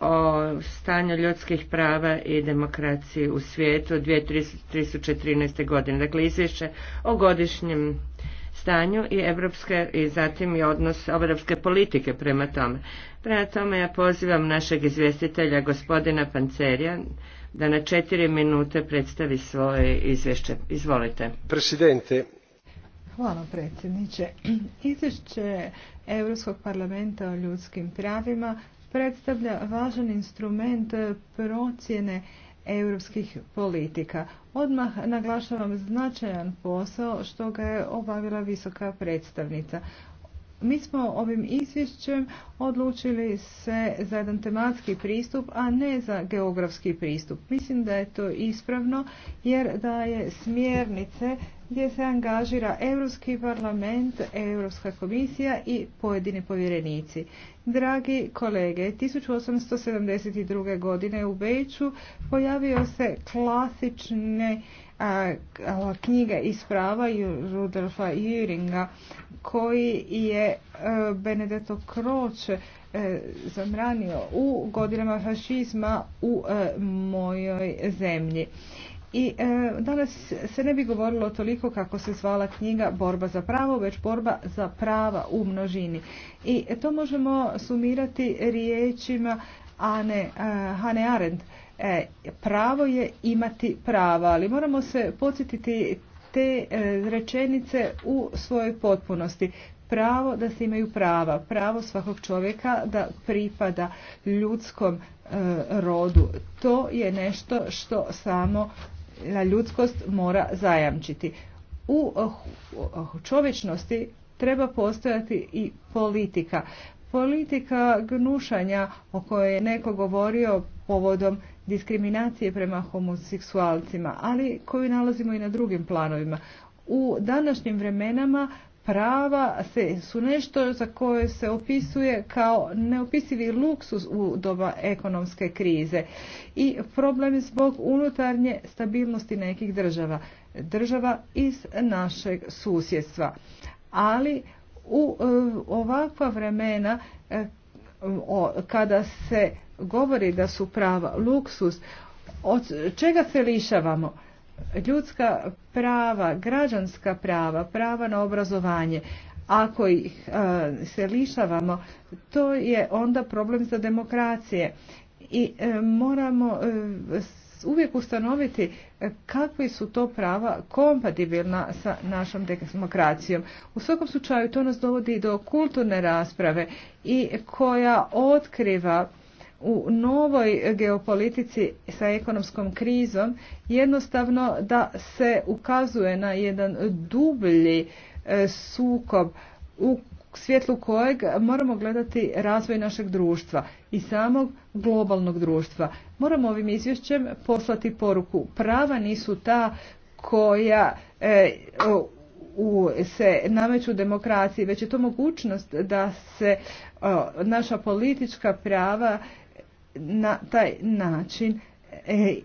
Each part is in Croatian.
o stanju ljudskih prava i demokraciji u svijetu 2013. godine. Dakle, izvješće o godišnjem stanju i evropske i zatim i odnos evropske politike prema tome. Prema tome ja pozivam našeg izvjestitelja gospodina Pancerija da na četiri minute predstavi svoje izvješće. Izvolite. Presidente. Hvala predsjedniče. Izvješće Europskog parlamenta o ljudskim pravima predstavlja važan instrument procjene europskih politika. Odmah naglašavam značajan posao što ga je obavila visoka predstavnica. Mi smo ovim izvješćem odlučili se za jedan tematski pristup, a ne za geografski pristup. Mislim da je to ispravno jer daje smjernice gdje se angažira Europski parlament, Europska komisija i pojedini povjerenici. Dragi kolege, 1872. godine u Beću pojavio se klasični knjige iz prava Rudolfa Jüringa koji je e, Benedetto Croce e, zamranio u godinama fašizma u e, mojoj zemlji. I danas se ne bi govorilo toliko kako se zvala knjiga Borba za pravo, već borba za prava u množini. I to možemo sumirati riječima Hane Arendt E, pravo je imati prava, ali moramo se podsjetiti te e, rečenice u svojoj potpunosti. Pravo da se imaju prava, pravo svakog čovjeka da pripada ljudskom e, rodu. To je nešto što samo ljudskost mora zajamčiti. U čovječnosti treba postojati i politika. Politika gnušanja o kojoj je neko govorio povodom diskriminacije prema homoseksualcima, ali koju nalazimo i na drugim planovima. U današnjim vremenama prava se, su nešto za koje se opisuje kao neopisivi luksus u doba ekonomske krize i problem zbog unutarnje stabilnosti nekih država, država iz našeg susjedstva. Ali u e, ovakva vremena e, kada se govori da su prava luksus, od čega se lišavamo? Ljudska prava, građanska prava, prava na obrazovanje, ako ih e, se lišavamo, to je onda problem za demokracije. I e, moramo e, uvijek ustanoviti kakvi su to prava kompatibilna sa našom demokracijom. U svakom slučaju to nas dovodi do kulturne rasprave i koja otkriva u novoj geopolitici sa ekonomskom krizom jednostavno da se ukazuje na jedan dublji e, sukob u svjetlu kojeg moramo gledati razvoj našeg društva i samog globalnog društva. Moramo ovim izvješćem poslati poruku. Prava nisu ta koja e, u, se nameću demokraciji, već je to mogućnost da se e, naša politička prava na taj način e,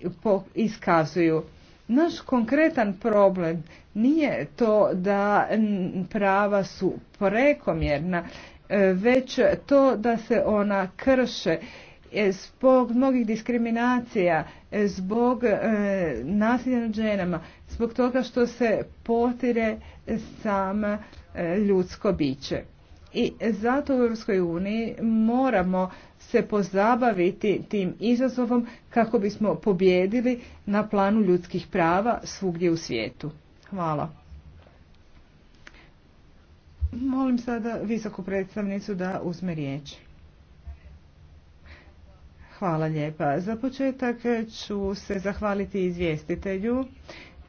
iskazuju. Naš konkretan problem nije to da prava su prekomjerna, e, već to da se ona krše e, zbog mnogih diskriminacija, zbog nasilja nad ženama, zbog toga što se potire sama ljudsko biće. I zato u EU uniji moramo se pozabaviti tim izazovom kako bismo pobjedili na planu ljudskih prava svugdje u svijetu. Hvala. Molim sada visoku predstavnicu da uzme riječ. Hvala lijepa. Za početak ću se zahvaliti izvjestitelju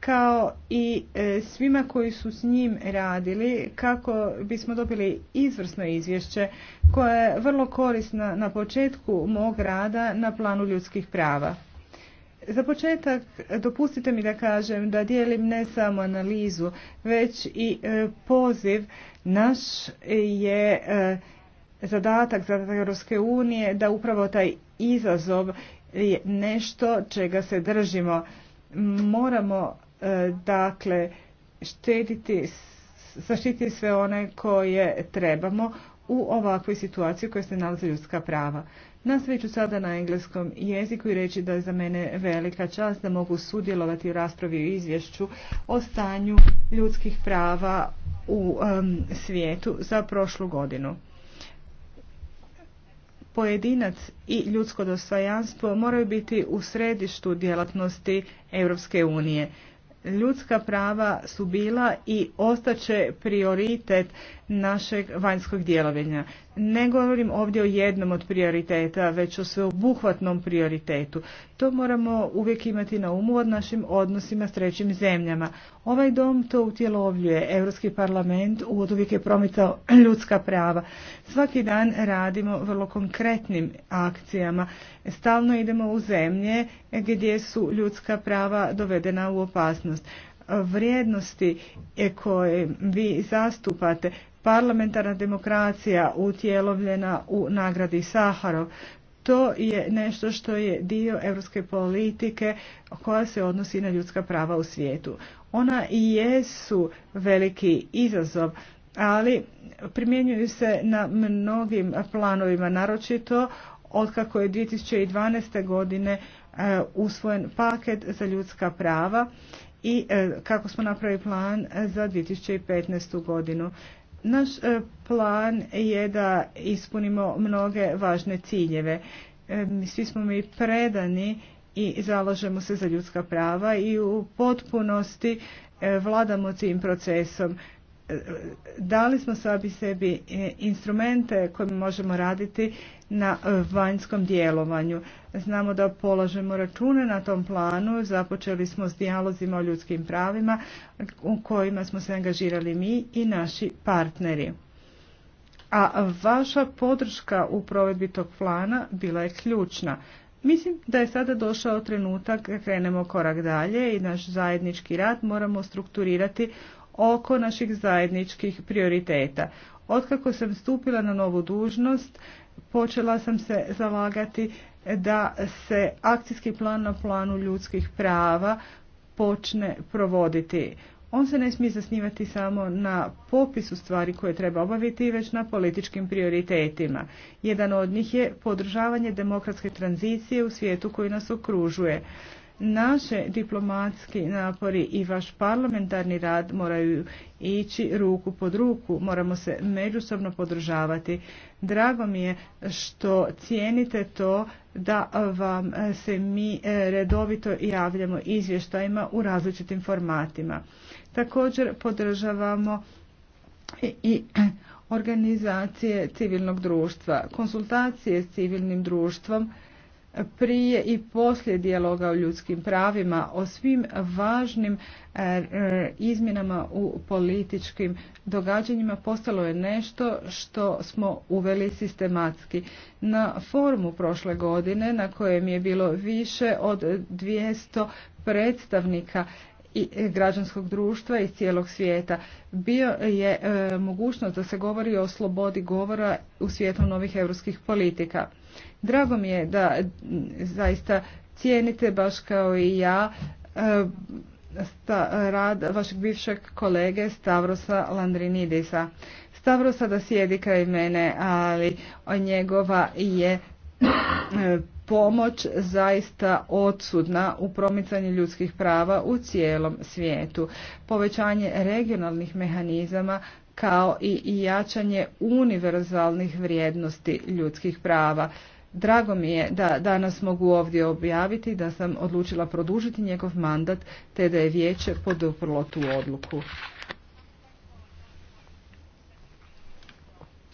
kao i e, svima koji su s njim radili kako bismo dobili izvrsno izvješće koje je vrlo korisno na početku mog rada na planu ljudskih prava. Za početak dopustite mi da kažem da dijelim ne samo analizu, već i e, poziv naš je e, zadatak za Europske unije da upravo taj izazov je nešto čega se držimo. Moramo E, dakle, štediti, zaštiti sve one koje trebamo u ovakvoj situaciji u kojoj se nalaze ljudska prava. Nastavit ću sada na engleskom jeziku i reći da je za mene velika čast da mogu sudjelovati u raspravi i izvješću o stanju ljudskih prava u svijetu za prošlu godinu. Pojedinac i ljudsko dostojanstvo moraju biti u središtu djelatnosti Europske unije. Ljudska prava su bila i će prioritet našeg vanjskog djelovanja. Ne govorim ovdje o jednom od prioriteta, već o sveobuhvatnom prioritetu. To moramo uvijek imati na umu od našim odnosima s trećim zemljama. Ovaj dom to utjelovljuje. Europski parlament od uvijek je promicao ljudska prava. Svaki dan radimo vrlo konkretnim akcijama. Stalno idemo u zemlje gdje su ljudska prava dovedena u opasnost vrijednosti koje vi zastupate parlamentarna demokracija utjelovljena u nagradi Saharov. To je nešto što je dio europske politike koja se odnosi na ljudska prava u svijetu. Ona i jesu veliki izazov, ali primjenjuju se na mnogim planovima, naročito kako je 2012. godine e, usvojen paket za ljudska prava i e, kako smo napravili plan za 2015. godinu. Naš e, plan je da ispunimo mnoge važne ciljeve. E, svi smo mi predani i zalažemo se za ljudska prava i u potpunosti e, vladamo tim procesom dali smo sami sebi e, instrumente kojima možemo raditi na e, vanjskom djelovanju. Znamo da polažemo račune na tom planu, započeli smo s dijalozima o ljudskim pravima u kojima smo se angažirali mi i naši partneri. A vaša podrška u provedbi tog plana bila je ključna. Mislim da je sada došao trenutak krenemo korak dalje i naš zajednički rad moramo strukturirati oko naših zajedničkih prioriteta. Otkako sam stupila na novu dužnost, počela sam se zalagati da se akcijski plan na planu ljudskih prava počne provoditi. On se ne smije zasnivati samo na popisu stvari koje treba obaviti, već na političkim prioritetima. Jedan od njih je podržavanje demokratske tranzicije u svijetu koji nas okružuje. Naše diplomatski napori i vaš parlamentarni rad moraju ići ruku pod ruku, moramo se međusobno podržavati. Drago mi je što cijenite to da vam se mi e, redovito javljamo izvještajima u različitim formatima. Također podržavamo i organizacije civilnog društva. Konsultacije s civilnim društvom prije i poslije dijaloga o ljudskim pravima, o svim važnim e, e, izmjenama u političkim događanjima postalo je nešto što smo uveli sistematski. Na forumu prošle godine na kojem je bilo više od 200 predstavnika i građanskog društva iz cijelog svijeta. Bio je e, mogućnost da se govori o slobodi govora u svijetu novih europskih politika. Drago mi je da zaista cijenite baš kao i ja e, sta, rad vašeg bivšeg kolege Stavrosa Landrinidisa. Stavrosa da sjedi kraj mene, ali njegova je E, pomoć zaista odsudna u promicanju ljudskih prava u cijelom svijetu. Povećanje regionalnih mehanizama kao i jačanje univerzalnih vrijednosti ljudskih prava. Drago mi je da danas mogu ovdje objaviti da sam odlučila produžiti njegov mandat te da je vijeće poduprlo tu odluku.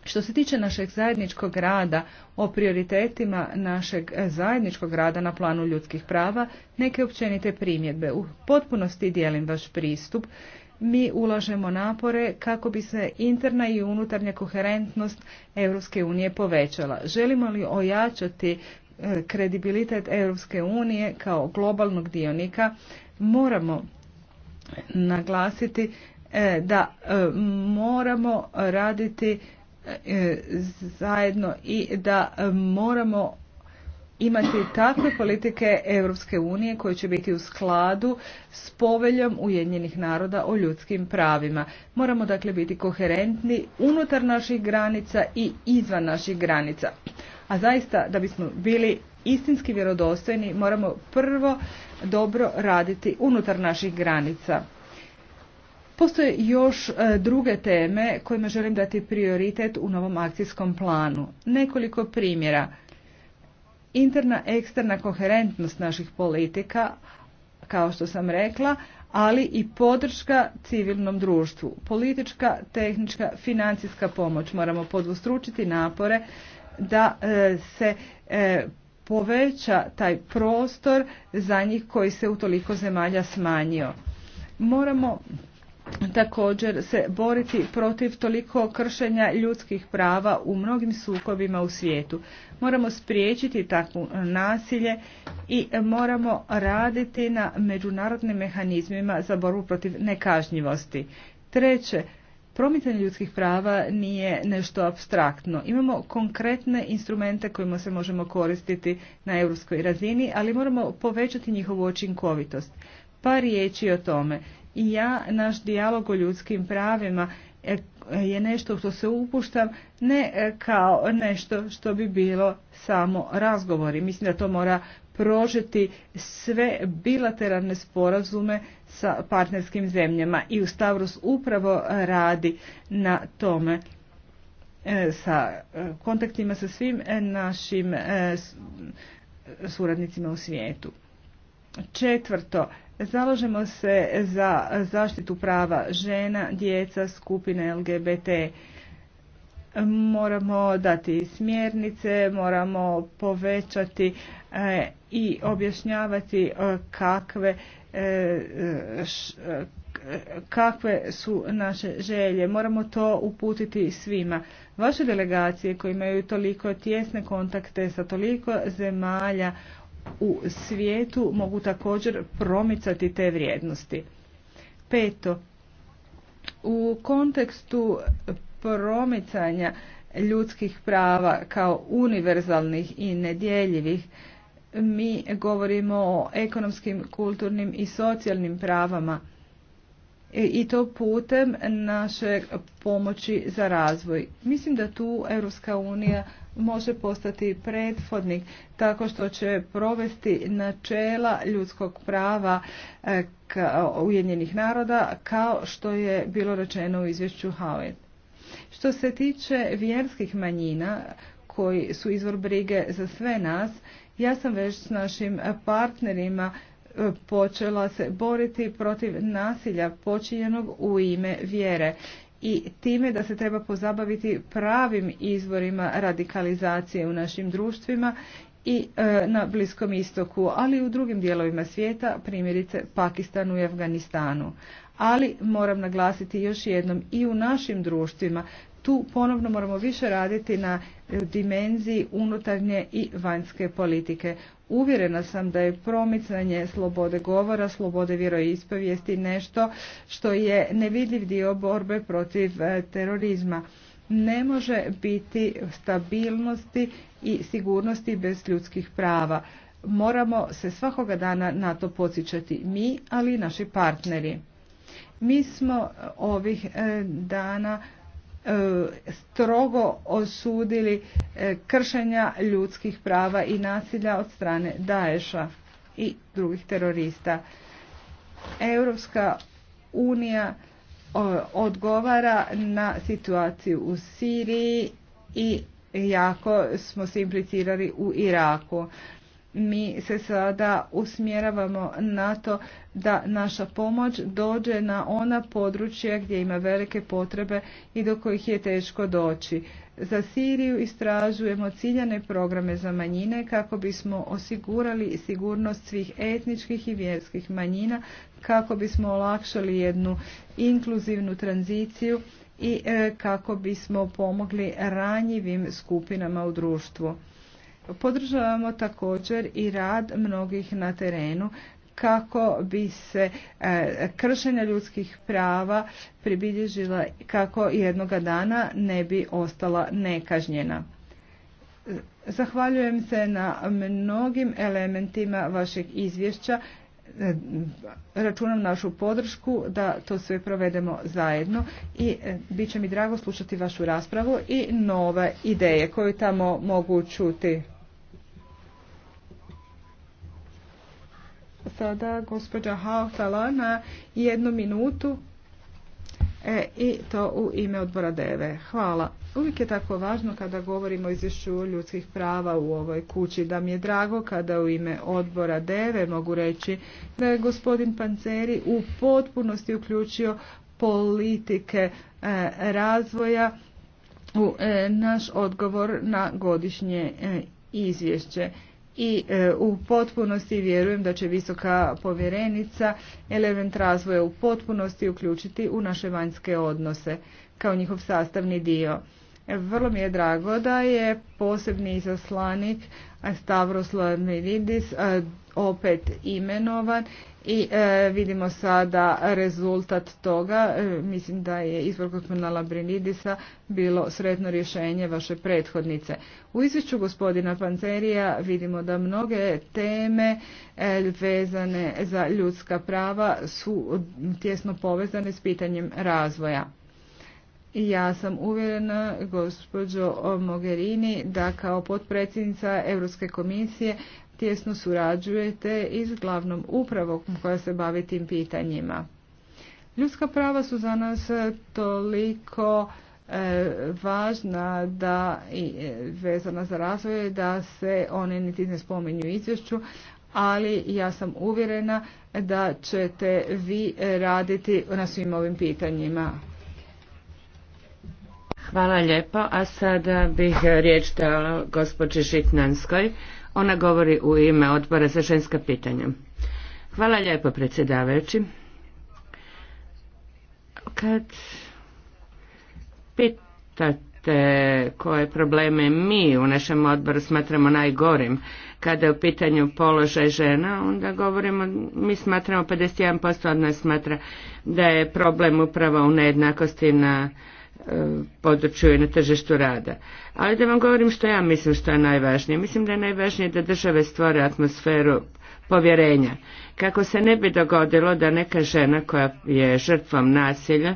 Što se tiče našeg zajedničkog rada, o prioritetima našeg zajedničkog rada na planu ljudskih prava, neke općenite primjedbe. U potpunosti dijelim vaš pristup. Mi ulažemo napore kako bi se interna i unutarnja koherentnost Europske unije povećala. Želimo li ojačati e, kredibilitet Europske unije kao globalnog dionika, moramo naglasiti e, da e, moramo raditi E, zajedno i da moramo imati takve politike Europske unije koje će biti u skladu s poveljom Ujedinjenih naroda o ljudskim pravima. Moramo dakle biti koherentni unutar naših granica i izvan naših granica. A zaista da bismo bili istinski vjerodostojni moramo prvo dobro raditi unutar naših granica. Postoje još e, druge teme kojima želim dati prioritet u novom akcijskom planu. Nekoliko primjera. Interna eksterna koherentnost naših politika, kao što sam rekla, ali i podrška civilnom društvu. Politička, tehnička, financijska pomoć. Moramo podvostručiti napore da e, se e, poveća taj prostor za njih koji se u toliko zemalja smanjio. Moramo također se boriti protiv toliko kršenja ljudskih prava u mnogim sukobima u svijetu. Moramo spriječiti takvo nasilje i moramo raditi na međunarodnim mehanizmima za borbu protiv nekažnjivosti. Treće, promicanje ljudskih prava nije nešto abstraktno. Imamo konkretne instrumente kojima se možemo koristiti na europskoj razini, ali moramo povećati njihovu učinkovitost. Par riječi o tome. I ja, naš dijalog o ljudskim pravima e, je nešto što se upuštam ne e, kao nešto što bi bilo samo razgovori. Mislim da to mora prožeti sve bilateralne sporazume sa partnerskim zemljama i u Stavros upravo radi na tome e, sa kontaktima sa svim našim suradnicima u svijetu. Četvrto, zalažemo se za zaštitu prava žena, djeca, skupine LGBT. Moramo dati smjernice, moramo povećati eh, i objašnjavati eh, kakve eh, kakve su naše želje. Moramo to uputiti svima. Vaše delegacije koje imaju toliko tjesne kontakte sa toliko zemalja u svijetu mogu također promicati te vrijednosti. Peto, u kontekstu promicanja ljudskih prava kao univerzalnih i nedjeljivih mi govorimo o ekonomskim, kulturnim i socijalnim pravama i to putem naše pomoći za razvoj. Mislim da tu Europska unija može postati prethodnik tako što će provesti načela ljudskog prava e, Ujedinjenih naroda kao što je bilo rečeno u izvješću Howitt. Što se tiče vjerskih manjina koji su izvor brige za sve nas, ja sam već s našim partnerima počela se boriti protiv nasilja počinjenog u ime vjere i time da se treba pozabaviti pravim izvorima radikalizacije u našim društvima i e, na Bliskom istoku, ali i u drugim dijelovima svijeta, primjerice Pakistanu i Afganistanu. Ali moram naglasiti još jednom i u našim društvima tu ponovno moramo više raditi na dimenziji unutarnje i vanjske politike. Uvjerena sam da je promicanje slobode govora, slobode vjeroispovijesti nešto što je nevidljiv dio borbe protiv e, terorizma. Ne može biti stabilnosti i sigurnosti bez ljudskih prava. Moramo se svakoga dana na to podsjećati mi, ali i naši partneri. Mi smo e, ovih e, dana E, strogo osudili e, kršenja ljudskih prava i nasilja od strane Daesha i drugih terorista. Europska unija e, odgovara na situaciju u Siriji i jako smo se implicirali u Iraku mi se sada usmjeravamo na to da naša pomoć dođe na ona područja gdje ima velike potrebe i do kojih je teško doći. Za Siriju istražujemo ciljane programe za manjine kako bismo osigurali sigurnost svih etničkih i vjerskih manjina, kako bismo olakšali jednu inkluzivnu tranziciju i e, kako bismo pomogli ranjivim skupinama u društvu. Podržavamo također i rad mnogih na terenu kako bi se e, kršenja ljudskih prava pribilježila kako jednoga dana ne bi ostala nekažnjena. Zahvaljujem se na mnogim elementima vašeg izvješća. E, računam našu podršku da to sve provedemo zajedno i e, bit će mi drago slušati vašu raspravu i nove ideje koje tamo mogu čuti. sada gospođa Hautala na jednu minutu e, i to u ime odbora DEVE. Hvala. Uvijek je tako važno kada govorimo o izvješću ljudskih prava u ovoj kući da mi je drago kada u ime odbora DEVE mogu reći da je gospodin Panceri u potpunosti uključio politike e, razvoja u e, naš odgovor na godišnje e, izvješće i e, u potpunosti vjerujem da će visoka povjerenica element razvoja u potpunosti uključiti u naše vanjske odnose kao njihov sastavni dio. Vrlo mi je drago da je posebni izaslanik Stavros Lamiridis e, opet imenovan i e, vidimo sada rezultat toga. E, mislim da je izbor gospodina Labrinidisa bilo sretno rješenje vaše prethodnice. U izvješću gospodina Panzerija vidimo da mnoge teme vezane za ljudska prava su tjesno povezane s pitanjem razvoja. Ja sam uvjerena, gospođo Mogherini, da kao potpredsjednica Europske komisije tjesno surađujete i s glavnom upravom koja se bavi tim pitanjima. Ljudska prava su za nas toliko e, važna da i e, vezana za razvoj da se one niti ne spominju u izvješću, ali ja sam uvjerena da ćete vi raditi na svim ovim pitanjima. Hvala lijepo, a sada bih riječ dala gospođi Žitnanskoj. Ona govori u ime odbora za ženska pitanja. Hvala lijepo, predsjedavajući. Kad pitate koje probleme mi u našem odboru smatramo najgorim, kada je u pitanju položaj žena, onda govorimo, mi smatramo, 51% od nas smatra da je problem upravo u nejednakosti na području i na tržištu rada. Ali da vam govorim što ja mislim što je najvažnije. Mislim da je najvažnije da države stvore atmosferu povjerenja. Kako se ne bi dogodilo da neka žena koja je žrtvom nasilja,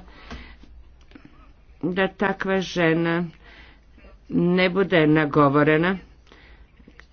da takva žena ne bude nagovorena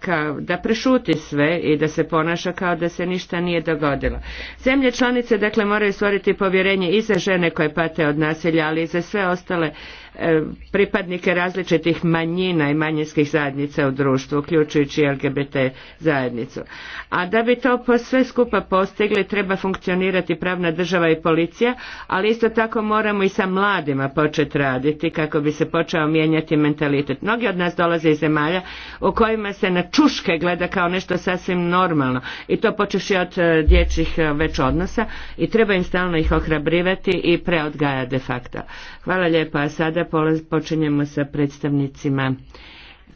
kao da prešuti sve i da se ponaša kao da se ništa nije dogodilo. Zemlje članice dakle moraju stvoriti povjerenje i za žene koje pate od nasilja, ali i za sve ostale E, pripadnike različitih manjina i manjinskih zajednica u društvu, uključujući LGBT zajednicu. A da bi to sve skupa postigli treba funkcionirati pravna država i policija, ali isto tako moramo i sa mladima početi raditi kako bi se počeo mijenjati mentalitet. Mnogi od nas dolaze iz zemalja u kojima se na čuške gleda kao nešto sasvim normalno i to i od e, dječjih e, već odnosa i treba im stalno ih ohrabrivati i preodgaja de facto. Hvala lijepa, a sada počinjemo sa predstavnicima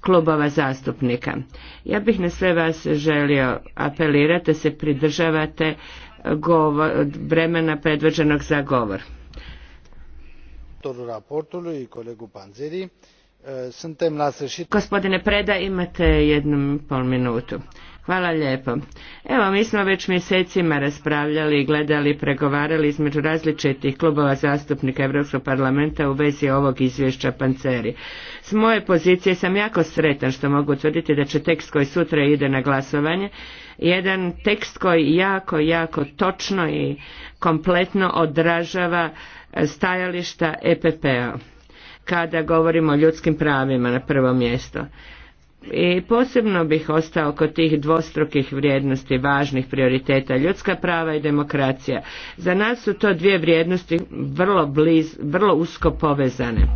klubova zastupnika. Ja bih na sve vas želio apelirati da se pridržavate vremena predvođenog za govor. i Panzeri, e, Gospodine Preda, imate jednu pol minutu. Hvala lijepo. Evo, mi smo već mjesecima raspravljali gledali pregovarali između različitih klubova zastupnika Europskog parlamenta u vezi ovog izvješća Panceri. S moje pozicije sam jako sretan što mogu tvrditi da će tekst koji sutra ide na glasovanje, jedan tekst koji jako, jako točno i kompletno odražava e, stajališta EPP-a kada govorimo o ljudskim pravima na prvo mjesto. I posebno bih ostao kod tih dvostrukih vrijednosti, važnih prioriteta, ljudska prava i demokracija. Za nas su to dvije vrijednosti vrlo, bliz, vrlo usko povezane.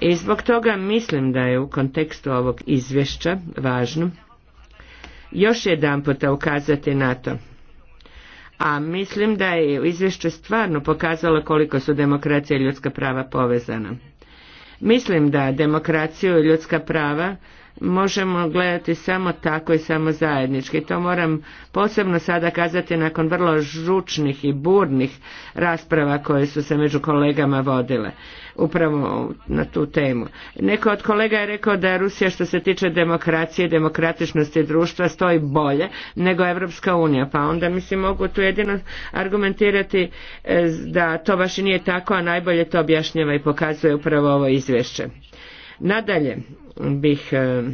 I zbog toga mislim da je u kontekstu ovog izvješća važno još jedan puta ukazati na to. A mislim da je izvješće stvarno pokazalo koliko su demokracija i ljudska prava povezana. Mislim da demokraciju i ljudska prava možemo gledati samo tako i samo zajednički. To moram posebno sada kazati nakon vrlo žučnih i burnih rasprava koje su se među kolegama vodile upravo na tu temu. Neko od kolega je rekao da Rusija što se tiče demokracije, demokratičnosti društva stoji bolje nego Evropska unija, pa onda mislim mogu tu jedino argumentirati e, da to baš i nije tako, a najbolje to objašnjava i pokazuje upravo ovo izvješće. Nadalje bih eh,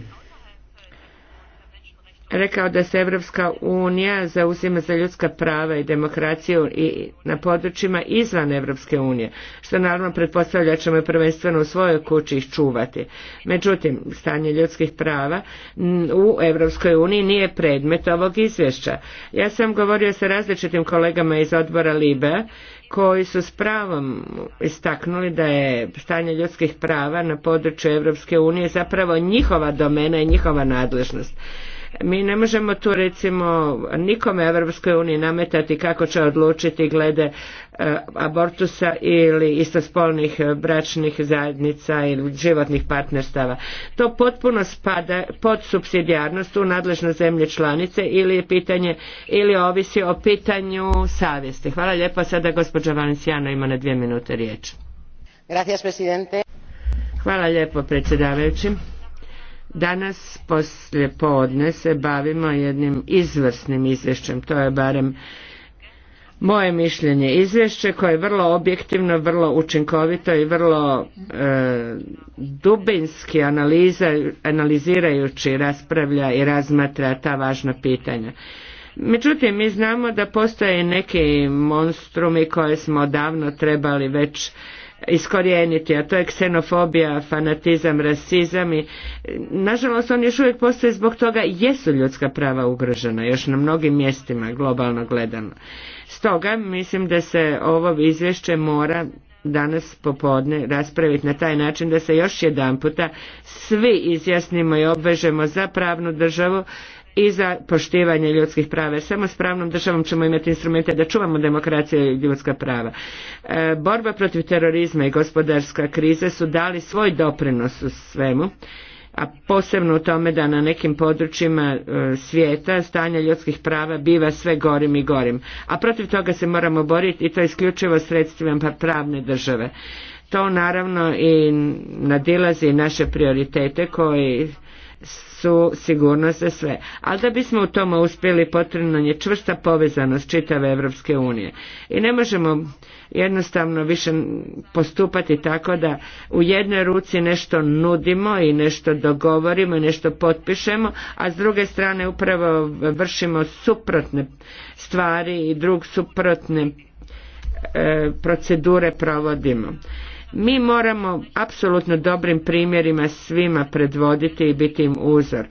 rekao da se Evropska unija zauzima za ljudska prava i demokraciju i na područjima izvan Evropske unije, što naravno pretpostavlja ćemo prvenstveno u svojoj kući ih čuvati. Međutim, stanje ljudskih prava u Evropskoj uniji nije predmet ovog izvješća. Ja sam govorio sa različitim kolegama iz odbora Libe koji su s pravom istaknuli da je stanje ljudskih prava na području Evropske unije zapravo njihova domena i njihova nadležnost mi ne možemo tu recimo nikome Europskoj uniji nametati kako će odlučiti glede e, abortusa ili istospolnih e, bračnih zajednica ili životnih partnerstava. To potpuno spada pod subsidijarnost u nadležno zemlje članice ili je pitanje ili ovisi o pitanju savjesti. Hvala lijepa. Sada gospođa Valencijano ima na dvije minute riječ. Gracias, presidente. Hvala lijepo predsjedavajući. Danas poslje podne se bavimo jednim izvrsnim izvješćem, to je barem moje mišljenje izvješće koje je vrlo objektivno, vrlo učinkovito i vrlo e, dubinski analiza, analizirajući raspravlja i razmatra ta važna pitanja. Međutim, mi znamo da postoje neki monstrumi koje smo davno trebali već iskorijeniti, a to je ksenofobija, fanatizam, rasizam i e, nažalost on još uvijek postoji zbog toga jesu ljudska prava ugrožena još na mnogim mjestima globalno gledano. Stoga mislim da se ovo izvješće mora danas popodne raspraviti na taj način da se još jedan puta svi izjasnimo i obvežemo za pravnu državu i za poštivanje ljudskih prava. samo s pravnom državom ćemo imati instrumente da čuvamo demokracije i ljudska prava. E, borba protiv terorizma i gospodarska krize su dali svoj doprinos u svemu a posebno u tome da na nekim područjima e, svijeta stanje ljudskih prava biva sve gorim i gorim. A protiv toga se moramo boriti i to isključivo sredstvima pa pravne države. To naravno i nadilazi naše prioritete koji su sigurnost za sve. Ali da bismo u tome uspjeli potrebna je čvrsta povezanost čitave Europske unije. I ne možemo jednostavno više postupati tako da u jednoj ruci nešto nudimo i nešto dogovorimo i nešto potpišemo, a s druge strane upravo vršimo suprotne stvari i drug suprotne e, procedure provodimo. Mi moramo apsolutno dobrim primjerima svima predvoditi i biti im uzor.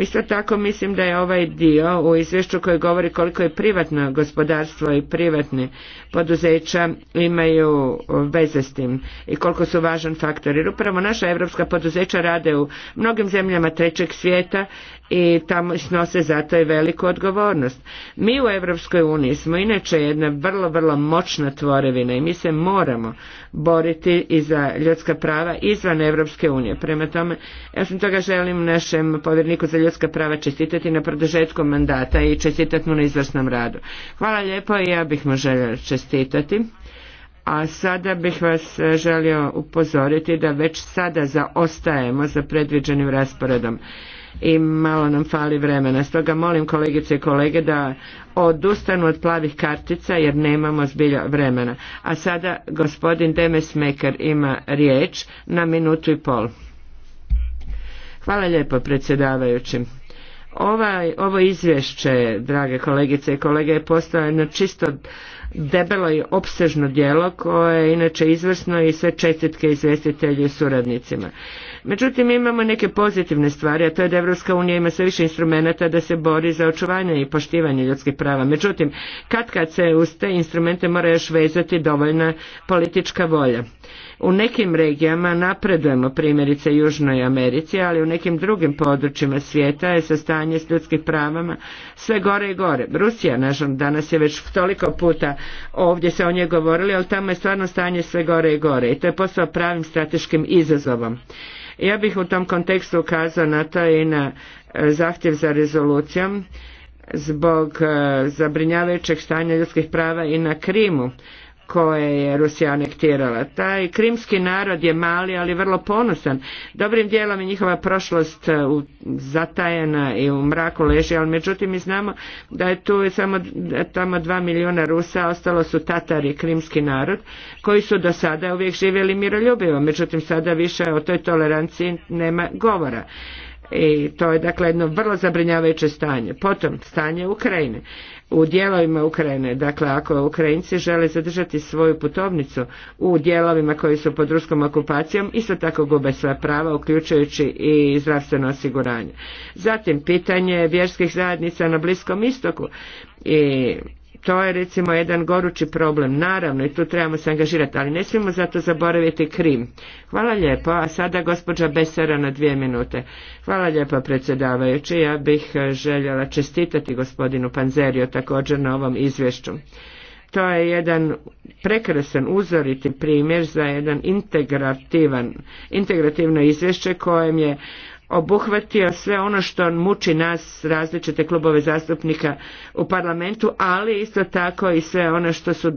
Isto tako mislim da je ovaj dio u izvješću koji govori koliko je privatno gospodarstvo i privatne poduzeća imaju veze s tim i koliko su važan faktor. Jer upravo naša evropska poduzeća rade u mnogim zemljama trećeg svijeta i tamo snose zato i veliku odgovornost. Mi u Europskoj uniji smo inače jedna vrlo, vrlo moćna tvorevina i mi se moramo boriti i za ljudska prava izvan Europske unije. Prema tome, ja sam toga želim našem povjerniku za ljudska prava čestitati na produžetku mandata i čestitati mu na izvrsnom radu. Hvala lijepo i ja bih mu čestitati. A sada bih vas e, želio upozoriti da već sada zaostajemo za predviđenim rasporedom i malo nam fali vremena. Stoga molim kolegice i kolege da odustanu od plavih kartica jer nemamo zbilja vremena. A sada gospodin Demes ima riječ na minutu i pol. Hvala lijepo predsjedavajući. Ovaj, ovo izvješće, drage kolegice i kolege, je postao jedno čisto debelo i opsežno djelo koje je inače izvrsno i sve čestitke izvjestitelju i suradnicima. Međutim, imamo neke pozitivne stvari, a to je da Evropska unija ima sve više instrumenta da se bori za očuvanje i poštivanje ljudskih prava. Međutim, kad kad se uz te instrumente mora još vezati dovoljna politička volja. U nekim regijama napredujemo, primjerice Južnoj Americi, ali u nekim drugim područjima svijeta je sa stanje s ljudskim pravama sve gore i gore. Rusija, nažalost, danas je već toliko puta ovdje se o njoj govorili, ali tamo je stvarno stanje sve gore i gore i to je postao pravim strateškim izazovom. Ja bih u tom kontekstu ukazao na to i na e, zahtjev za rezolucijom zbog e, zabrinjavajućeg stanja ljudskih prava i na Krimu koje je Rusija anektirala. Taj krimski narod je mali, ali vrlo ponosan. Dobrim dijelom je njihova prošlost e, zatajena i u mraku leži, ali međutim mi znamo da je tu samo tamo dva milijuna Rusa, ostalo su Tatari, krimski narod, koji su do sada uvijek živjeli miroljubivo, međutim sada više o toj toleranciji nema govora i to je dakle jedno vrlo zabrinjavajuće stanje. Potom stanje Ukrajine u dijelovima Ukrajine. Dakle, ako Ukrajinci žele zadržati svoju putovnicu u dijelovima koji su pod ruskom okupacijom, isto tako gube sva prava, uključujući i zdravstveno osiguranje. Zatim, pitanje vjerskih zajednica na Bliskom istoku i to je recimo jedan gorući problem. Naravno i tu trebamo se angažirati, ali ne smijemo zato zaboraviti Krim. Hvala lijepo, a sada gospođa Besera na dvije minute. Hvala lijepo predsjedavajući, ja bih e, željela čestitati gospodinu Panzerio također na ovom izvješću. To je jedan prekrasan uzoriti primjer za jedan integrativan, integrativno izvješće kojem je obuhvatio sve ono što muči nas različite klubove zastupnika u parlamentu, ali isto tako i sve ono što su,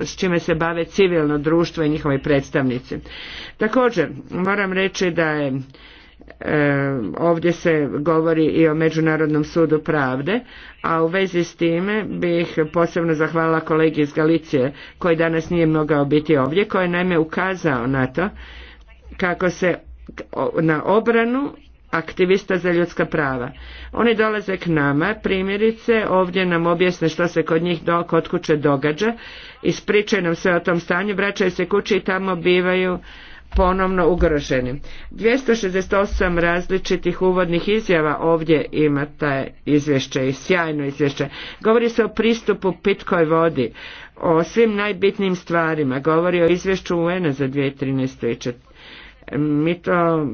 s čime se bave civilno društvo i njihovi predstavnici. Također, moram reći da je e, ovdje se govori i o Međunarodnom sudu pravde, a u vezi s time bih posebno zahvalila kolegi iz Galicije koji danas nije mogao biti ovdje, koji je naime ukazao na to kako se na obranu aktivista za ljudska prava. Oni dolaze k nama, primjerice, ovdje nam objasne što se kod njih do, kod kuće događa, ispričaju nam sve o tom stanju, vraćaju se kući i tamo bivaju ponovno ugroženi. 268 različitih uvodnih izjava ovdje ima taj izvješće i sjajno izvješće. Govori se o pristupu pitkoj vodi, o svim najbitnijim stvarima, govori o izvješću UN-a za 2013. i 2014 mi to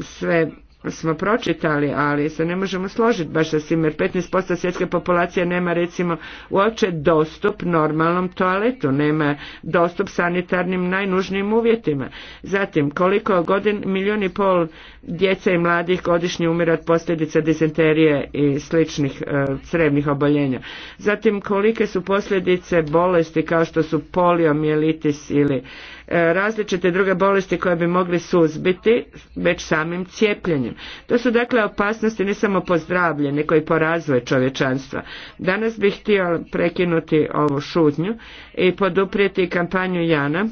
sve smo pročitali, ali se ne možemo složiti baš sa svim, jer 15% svjetske populacije nema recimo uopće dostup normalnom toaletu, nema dostup sanitarnim najnužnijim uvjetima. Zatim, koliko godin, milijun i pol djece i mladih godišnje umire od posljedica dizenterije i sličnih e, crevnih oboljenja. Zatim, kolike su posljedice bolesti kao što su poliomijelitis ili različite druge bolesti koje bi mogli suzbiti već samim cijepljenjem. To su dakle opasnosti ne samo po zdravlje, nego i po razvoju čovječanstva. Danas bih htio prekinuti ovu šutnju i poduprijeti kampanju Jana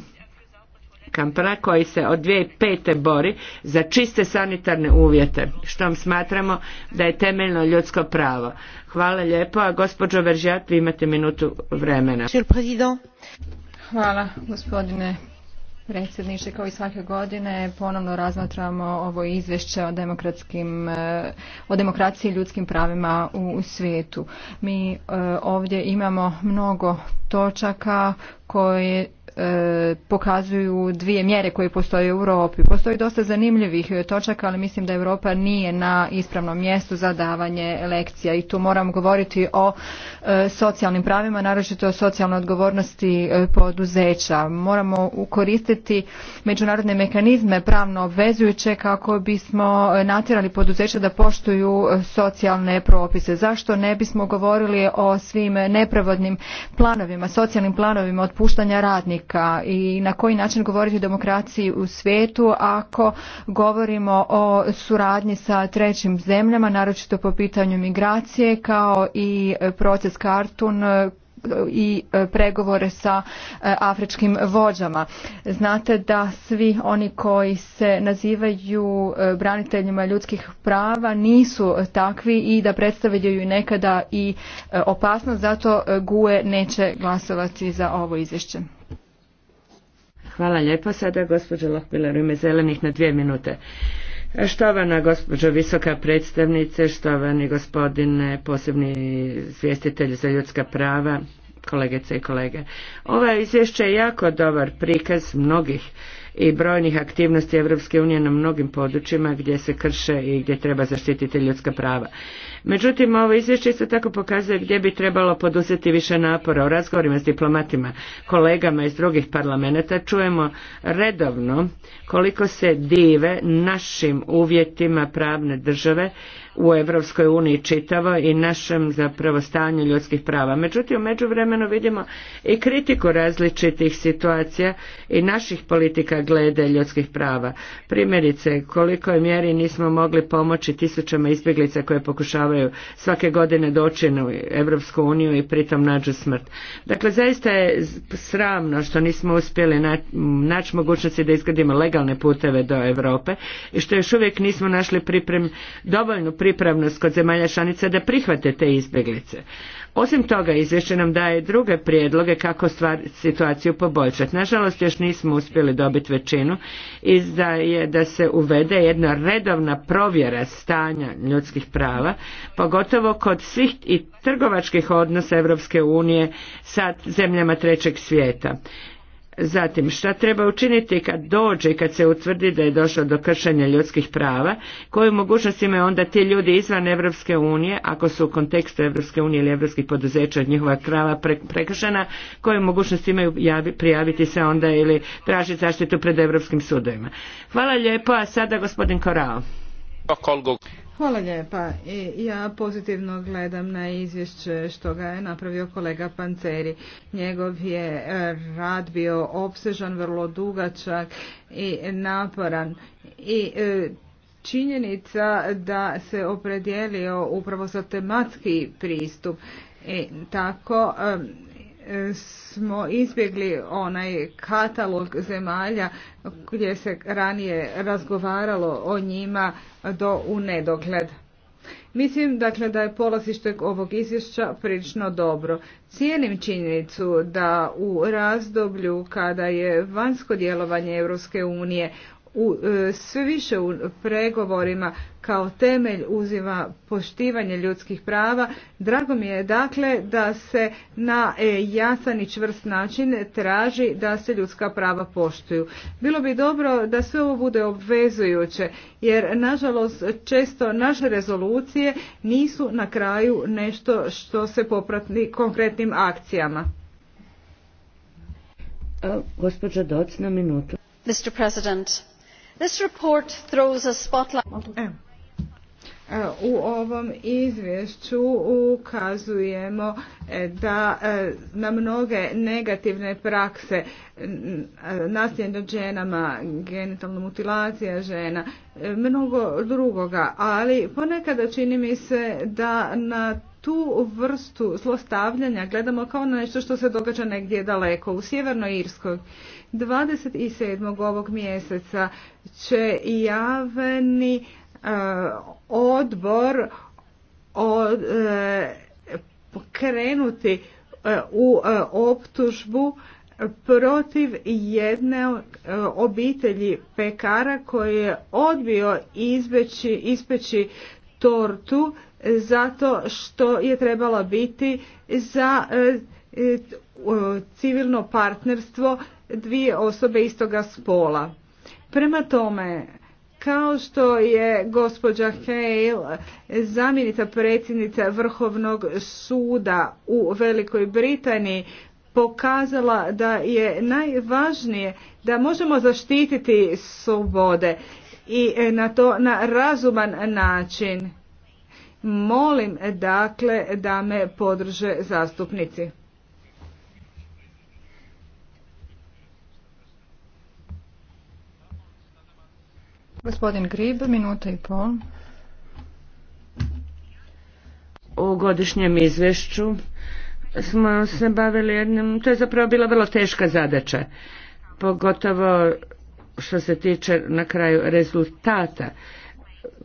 Kampana koji se od 2005. bori za čiste sanitarne uvjete, što smatramo da je temeljno ljudsko pravo. Hvala lijepo, a gospođo Veržat, vi imate minutu vremena. Hvala, gospodine predsjedniče. Kao i svake godine ponovno razmatramo ovo izvješće o, demokratskim, eh, o demokraciji i ljudskim pravima u svijetu. Mi eh, ovdje imamo mnogo točaka koje E, pokazuju dvije mjere koje postoje u Europi. Postoji dosta zanimljivih e, točaka, ali mislim da Europa nije na ispravnom mjestu za davanje lekcija i tu moram govoriti o e, socijalnim pravima, naročito o socijalnoj odgovornosti poduzeća. Moramo koristiti međunarodne mehanizme pravno obvezujuće kako bismo natjerali poduzeća da poštuju socijalne propise. Zašto ne bismo govorili o svim nepravodnim planovima, socijalnim planovima otpuštanja radnika? čovjeka i na koji način govoriti o demokraciji u svijetu ako govorimo o suradnji sa trećim zemljama, naročito po pitanju migracije kao i proces Kartun e, i e, pregovore sa e, afričkim vođama. Znate da svi oni koji se nazivaju braniteljima ljudskih prava nisu takvi i da predstavljaju nekada i opasnost, zato GUE neće glasovati za ovo izvješće. Hvala lijepo. Sada gospođo Lohbiler ime zelenih na dvije minute. Štovana gospođo visoka predstavnice, štovani gospodine posebni izvjestitelj za ljudska prava, kolegice i kolege. Ovo izvješće je jako dobar prikaz mnogih i brojnih aktivnosti EU unije na mnogim područjima gdje se krše i gdje treba zaštititi ljudska prava. Međutim, ovo izvješće isto tako pokazuje gdje bi trebalo poduzeti više napora. U razgovorima s diplomatima, kolegama iz drugih parlamenta čujemo redovno koliko se dive našim uvjetima pravne države u Europskoj uniji čitavo i našem zapravo stanju ljudskih prava. Međutim, u međuvremenu vidimo i kritiku različitih situacija i naših politika glede ljudskih prava. Primjerice, koliko je mjeri nismo mogli pomoći tisućama izbjeglica koje pokušavaju svake godine doći u Europsku uniju i pritom nađu smrt. Dakle, zaista je sramno što nismo uspjeli naći mogućnosti da izgradimo legalne puteve do Europe i što još uvijek nismo našli priprem, dovoljnu pripravnost kod zemalja članica da prihvate te izbjeglice. Osim toga, izvješće nam daje druge prijedloge kako stvar, situaciju poboljšati. Nažalost, još nismo uspjeli dobiti većinu i da je da se uvede jedna redovna provjera stanja ljudskih prava, pogotovo kod svih i trgovačkih odnosa Europske unije sa zemljama trećeg svijeta. Zatim, šta treba učiniti kad dođe i kad se utvrdi da je došlo do kršenja ljudskih prava, koju mogućnost imaju onda ti ljudi izvan Evropske unije, ako su u kontekstu Evropske unije ili evropskih poduzeća od njihova prava prekršena, koju mogućnost imaju prijaviti se onda ili tražiti zaštitu pred Evropskim sudovima. Hvala lijepo, a sada gospodin Korao. Hvala lijepa. Ja pozitivno gledam na izvješće što ga je napravio kolega Panceri. Njegov je e, rad bio opsežan, vrlo dugačak i naporan. I e, činjenica da se opredijelio upravo za tematski pristup. I tako e, smo izbjegli onaj katalog zemalja gdje se ranije razgovaralo o njima do u nedogled. Mislim dakle da je polazište ovog izvješća prilično dobro. Cijenim činjenicu da u razdoblju kada je vanjsko djelovanje Europske unije u e, sve više u pregovorima kao temelj uzima poštivanje ljudskih prava. Drago mi je dakle da se na jasan i čvrst način traži da se ljudska prava poštuju. Bilo bi dobro da sve ovo bude obvezujuće jer nažalost često naše rezolucije nisu na kraju nešto što se popratni konkretnim akcijama. E, na minutu. Mr. President, this report throws a spotlight... E, u ovom izvješću ukazujemo e, da e, na mnoge negativne prakse nasilje nad ženama, genitalna mutilacija žena, e, mnogo drugoga, ali ponekada čini mi se da na tu vrstu zlostavljanja gledamo kao na nešto što se događa negdje daleko. U Sjevernoj Irskoj 27. ovog mjeseca će javni E, odbor od, e, krenuti e, u optužbu protiv jedne obitelji pekara koji je odbio izbeći, ispeći tortu zato što je trebala biti za civilno partnerstvo dvije osobe istoga spola. Prema tome, kao što je gospođa Hale, zamjenica predsjednica Vrhovnog suda u Velikoj Britaniji, pokazala da je najvažnije da možemo zaštititi slobode i e, na to na razuman način. Molim dakle da me podrže zastupnici. Gospodin Grib, minuta i pol. U godišnjem izvješću smo se bavili jednom... to je zapravo bila vrlo teška zadaća, pogotovo što se tiče na kraju rezultata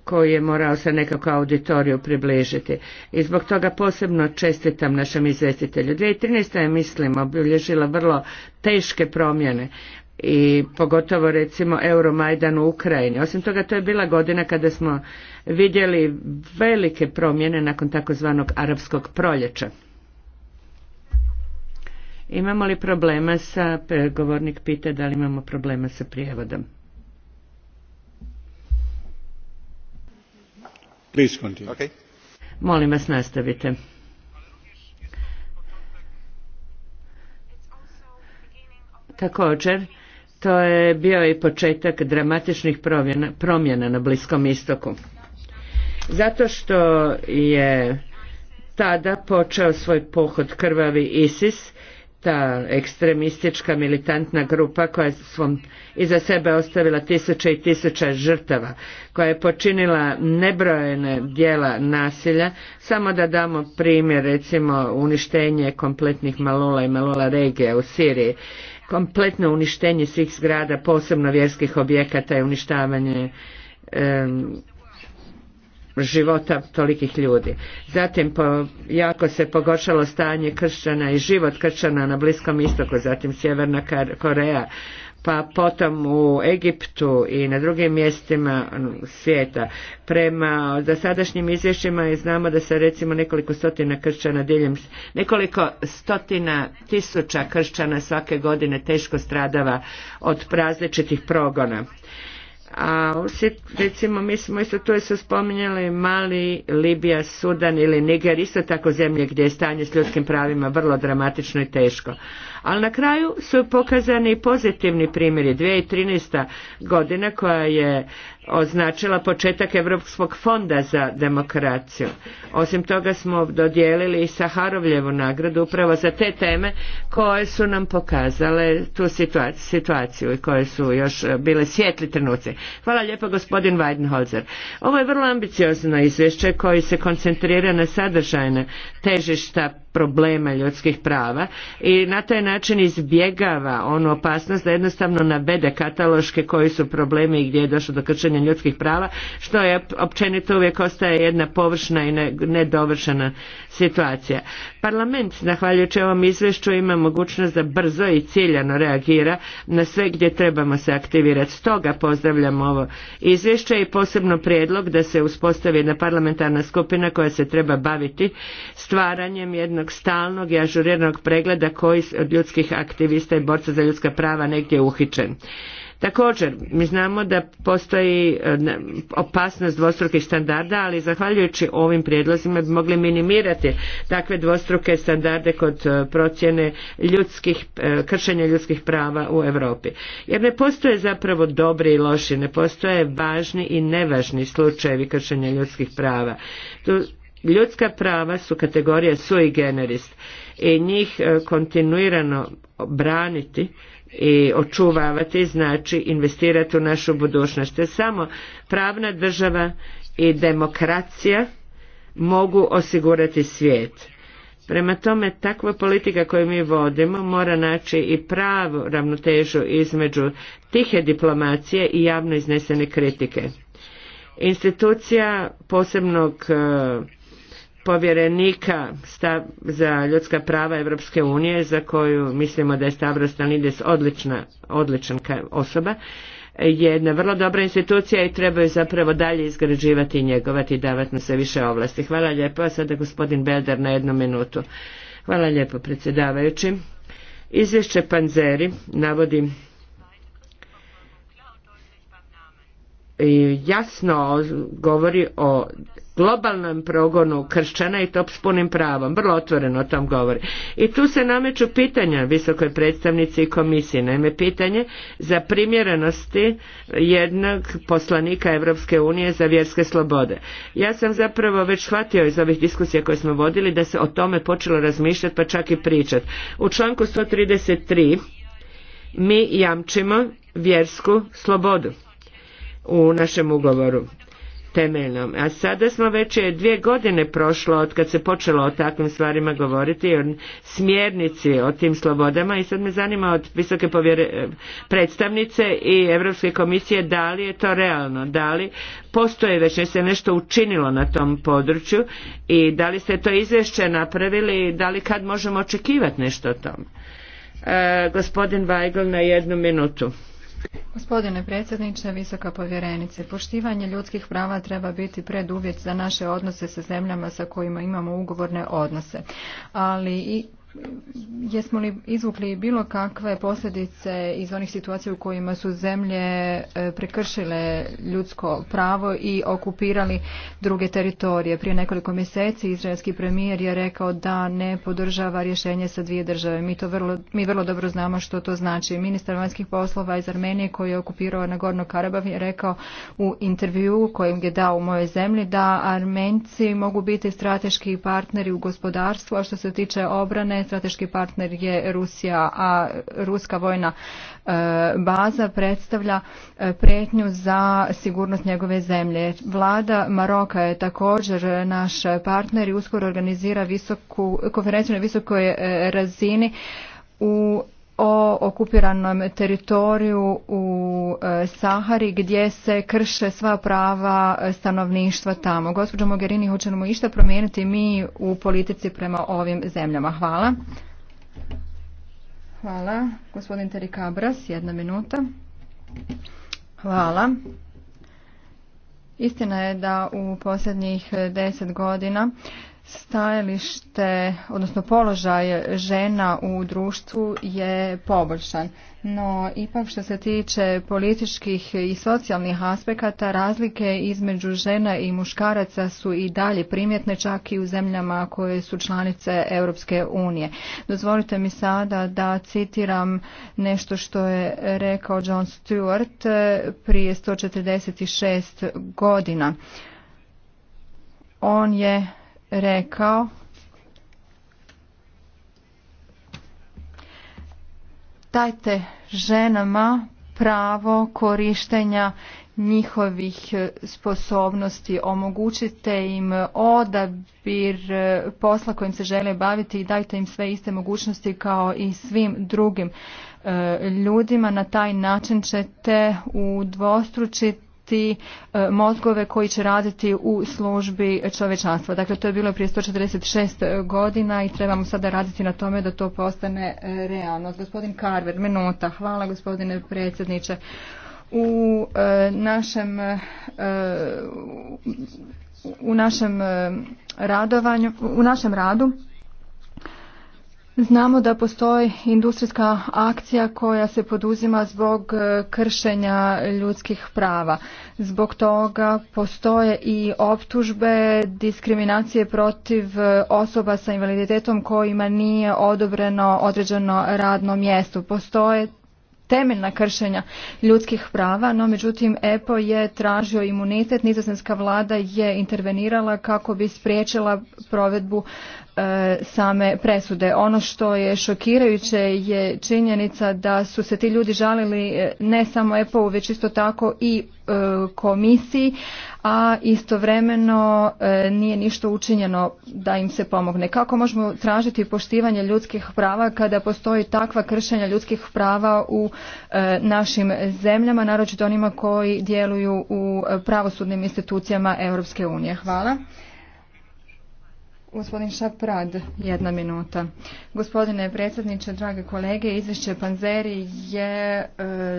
koji je morao se nekako auditoriju približiti. I zbog toga posebno čestitam našem izvjestitelju. 2013. je, mislim, obilježila vrlo teške promjene i pogotovo recimo Euromajdan u Ukrajini. Osim toga to je bila godina kada smo vidjeli velike promjene nakon takozvanog arapskog proljeća. Imamo li problema sa, govornik pita da li imamo problema sa prijevodom. Molim vas nastavite. Također, to je bio i početak dramatičnih promjena, promjena na Bliskom istoku. Zato što je tada počeo svoj pohod krvavi ISIS, ta ekstremistička militantna grupa koja je svom, iza sebe ostavila tisuće i tisuće žrtava, koja je počinila nebrojene dijela nasilja, samo da damo primjer recimo uništenje kompletnih malula i malula regija u Siriji, kompletno uništenje svih zgrada, posebno vjerskih objekata i uništavanje života tolikih ljudi. Zatim jako se pogoršalo stanje kršćana i život kršćana na Bliskom istoku, zatim Sjeverna Koreja, pa potom u Egiptu i na drugim mjestima svijeta. Prema za sadašnjim izvješćima znamo da se recimo nekoliko stotina kršćana diljem, nekoliko stotina tisuća kršćana svake godine teško stradava od različitih progona. A recimo mi smo isto tu su spominjali Mali, Libija, Sudan ili Niger, isto tako zemlje gdje je stanje s ljudskim pravima vrlo dramatično i teško. Ali na kraju su pokazani pozitivni primjeri. 2013. godina koja je označila početak Evropskog fonda za demokraciju. Osim toga smo dodijelili i Saharovljevu nagradu upravo za te teme koje su nam pokazale tu situaciju, situaciju i koje su još e, bile svijetli trenuci. Hvala lijepo gospodin Weidenholzer. Ovo je vrlo ambiciozno izvješće koji se koncentrira na sadržajne težišta problema ljudskih prava i na taj način izbjegava onu opasnost da jednostavno navede kataloške koji su problemi i gdje je došlo do kršenja ljudskih prava što je općenito uvijek ostaje jedna površna i nedovršena situacija. Parlament, zahvaljujući ovom izvješću, ima mogućnost da brzo i ciljano reagira na sve gdje trebamo se aktivirati. Stoga pozdravljam ovo izvješće i posebno prijedlog da se uspostavi jedna parlamentarna skupina koja se treba baviti stvaranjem jednog stalnog i ažuriranog pregleda koji od ljudskih aktivista i borca za ljudska prava negdje uhićen. Također, mi znamo da postoji e, opasnost dvostrukih standarda, ali zahvaljujući ovim prijedlozima bi mogli minimirati takve dvostruke standarde kod e, procjene ljudskih, e, kršenja ljudskih prava u Europi. Jer ne postoje zapravo dobri i loši, ne postoje važni i nevažni slučajevi kršenja ljudskih prava. ljudska prava su kategorija sui generis i njih kontinuirano braniti i očuvavati znači investirati u našu budućnost. samo pravna država i demokracija mogu osigurati svijet. Prema tome, takva politika koju mi vodimo mora naći i pravu ravnotežu između tihe diplomacije i javno iznesene kritike. Institucija posebnog povjerenika za ljudska prava Evropske unije za koju mislimo da je Stavro Stanides odlična, odlična osoba je jedna vrlo dobra institucija i treba trebaju zapravo dalje izgrađivati i njegovati i davati na se više ovlasti. Hvala lijepo, a sada gospodin Belder na jednu minutu. Hvala lijepo predsjedavajući. Izvješće Panzeri navodi jasno govori o globalnom progonu kršćana i to s punim pravom, vrlo otvoreno o tom govori. I tu se nameću pitanja visokoj predstavnici i komisije. naime pitanje za primjerenosti jednog poslanika Europske unije za vjerske slobode. Ja sam zapravo već shvatio iz ovih diskusija koje smo vodili da se o tome počelo razmišljati pa čak i pričati. U članku 133 mi jamčimo vjersku slobodu u našem ugovoru temeljnom. A sada smo već dvije godine prošlo od kad se počelo o takvim stvarima govoriti, o smjernici, o tim slobodama i sad me zanima od visoke povjere, predstavnice i Europske komisije da li je to realno, da li postoje već se nešto učinilo na tom području i da li ste to izvješće napravili i da li kad možemo očekivati nešto o tom. E, gospodin Weigl na jednu minutu. Gospodine predsjedniče, visoka povjerenice, poštivanje ljudskih prava treba biti preduvjet za naše odnose sa zemljama sa kojima imamo ugovorne odnose, ali i jesmo li izvukli bilo kakve posljedice iz onih situacija u kojima su zemlje e, prekršile ljudsko pravo i okupirali druge teritorije. Prije nekoliko mjeseci izraelski premijer je rekao da ne podržava rješenje sa dvije države. Mi, to vrlo, mi vrlo dobro znamo što to znači. Ministar vanjskih poslova iz Armenije koji je okupirao Nagorno Karabav je rekao u intervju kojim je dao u mojoj zemlji da Armenci mogu biti strateški partneri u gospodarstvu, a što se tiče obrane strateški partner je Rusija, a ruska vojna e, baza predstavlja e, pretnju za sigurnost njegove zemlje. Vlada Maroka je također naš partner i uskoro organizira visoku, konferenciju na visokoj e, razini u o okupiranom teritoriju u e, Sahari gdje se krše sva prava e, stanovništva tamo. Gospođo Mogherini, hoćemo išta promijeniti mi u politici prema ovim zemljama? Hvala. Hvala. Gospodin Kabras, jedna minuta. Hvala. Istina je da u posljednjih deset godina stajalište, odnosno položaj žena u društvu je poboljšan. No, ipak što se tiče političkih i socijalnih aspekata, razlike između žena i muškaraca su i dalje primjetne čak i u zemljama koje su članice Europske unije. Dozvolite mi sada da citiram nešto što je rekao John Stewart prije 146 godina. On je rekao dajte ženama pravo korištenja njihovih e, sposobnosti, omogućite im odabir e, posla kojim se žele baviti i dajte im sve iste mogućnosti kao i svim drugim e, ljudima. Na taj način ćete udvostručiti imati e, mozgove koji će raditi u službi čovečanstva. Dakle, to je bilo prije 146 godina i trebamo sada raditi na tome da to postane e, realnost. Gospodin Karver, minuta. Hvala gospodine predsjedniče. U e, našem u našem radovanju, u našem radu Znamo da postoji industrijska akcija koja se poduzima zbog e, kršenja ljudskih prava. Zbog toga postoje i optužbe diskriminacije protiv e, osoba sa invaliditetom kojima nije odobreno određeno radno mjesto. Postoje temeljna kršenja ljudskih prava, no međutim EPO je tražio imunitet, nizozemska vlada je intervenirala kako bi spriječila provedbu E, same presude. Ono što je šokirajuće je činjenica da su se ti ljudi žalili e, ne samo EPO-u već isto tako i e, komisiji, a istovremeno nije ništa učinjeno da im se pomogne. Kako možemo tražiti poštivanje ljudskih prava kada postoji takva kršenja ljudskih prava u našim zemljama, naročito onima koji djeluju u pravosudnim institucijama Europske unije? Hvala. Gospodin Šaprad, jedna minuta. Gospodine predsjedniče, drage kolege, izvješće Panzeri je e,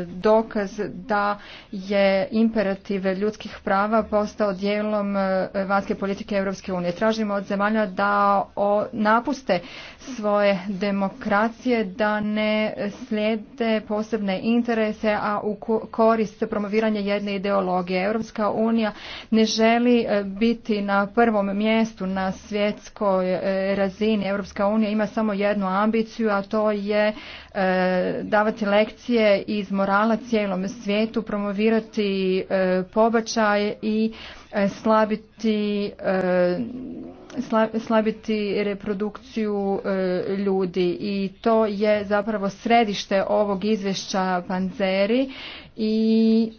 dokaz da je imperativ ljudskih prava postao dijelom e, vanjske politike Europske unije. Tražimo od zemalja da napuste svoje demokracije da ne slijede posebne interese, a u korist promoviranja jedne ideologije. Europska unija ne želi e, biti na prvom mjestu na svjetskoj e, razini. Europska unija ima samo jednu ambiciju, a to je e, davati lekcije iz morala cijelom svijetu, promovirati pobačaj i slabiti slabiti reprodukciju e, ljudi i to je zapravo središte ovog izvješća Panzeri i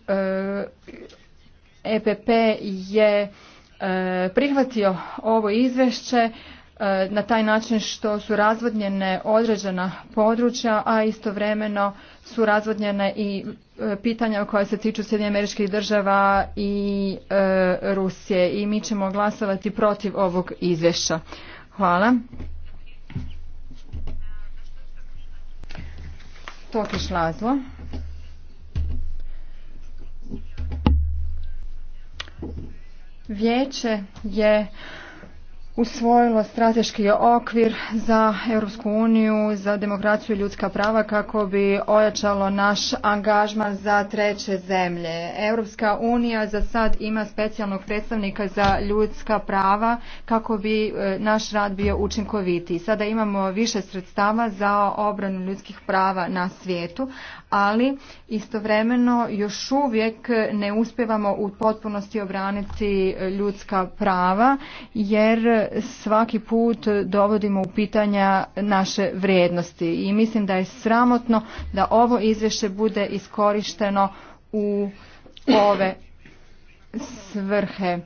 EPP e je e, prihvatio ovo izvješće na taj način što su razvodnjene određena područja, a istovremeno su razvodnjene i e, pitanja koja se tiču Sjedinje američkih država i e, Rusije i mi ćemo glasovati protiv ovog izvješća. Hvala. Tokiš Lazlo. Vijeće je usvojilo strateški okvir za Europsku uniju, za demokraciju i ljudska prava kako bi ojačalo naš angažman za treće zemlje. Europska unija za sad ima specijalnog predstavnika za ljudska prava kako bi e, naš rad bio učinkovitiji. Sada imamo više sredstava za obranu ljudskih prava na svijetu, ali istovremeno još uvijek ne uspjevamo u potpunosti obraniti ljudska prava jer svaki put dovodimo u pitanja naše vrijednosti i mislim da je sramotno da ovo izvješće bude iskorišteno u ove svrhe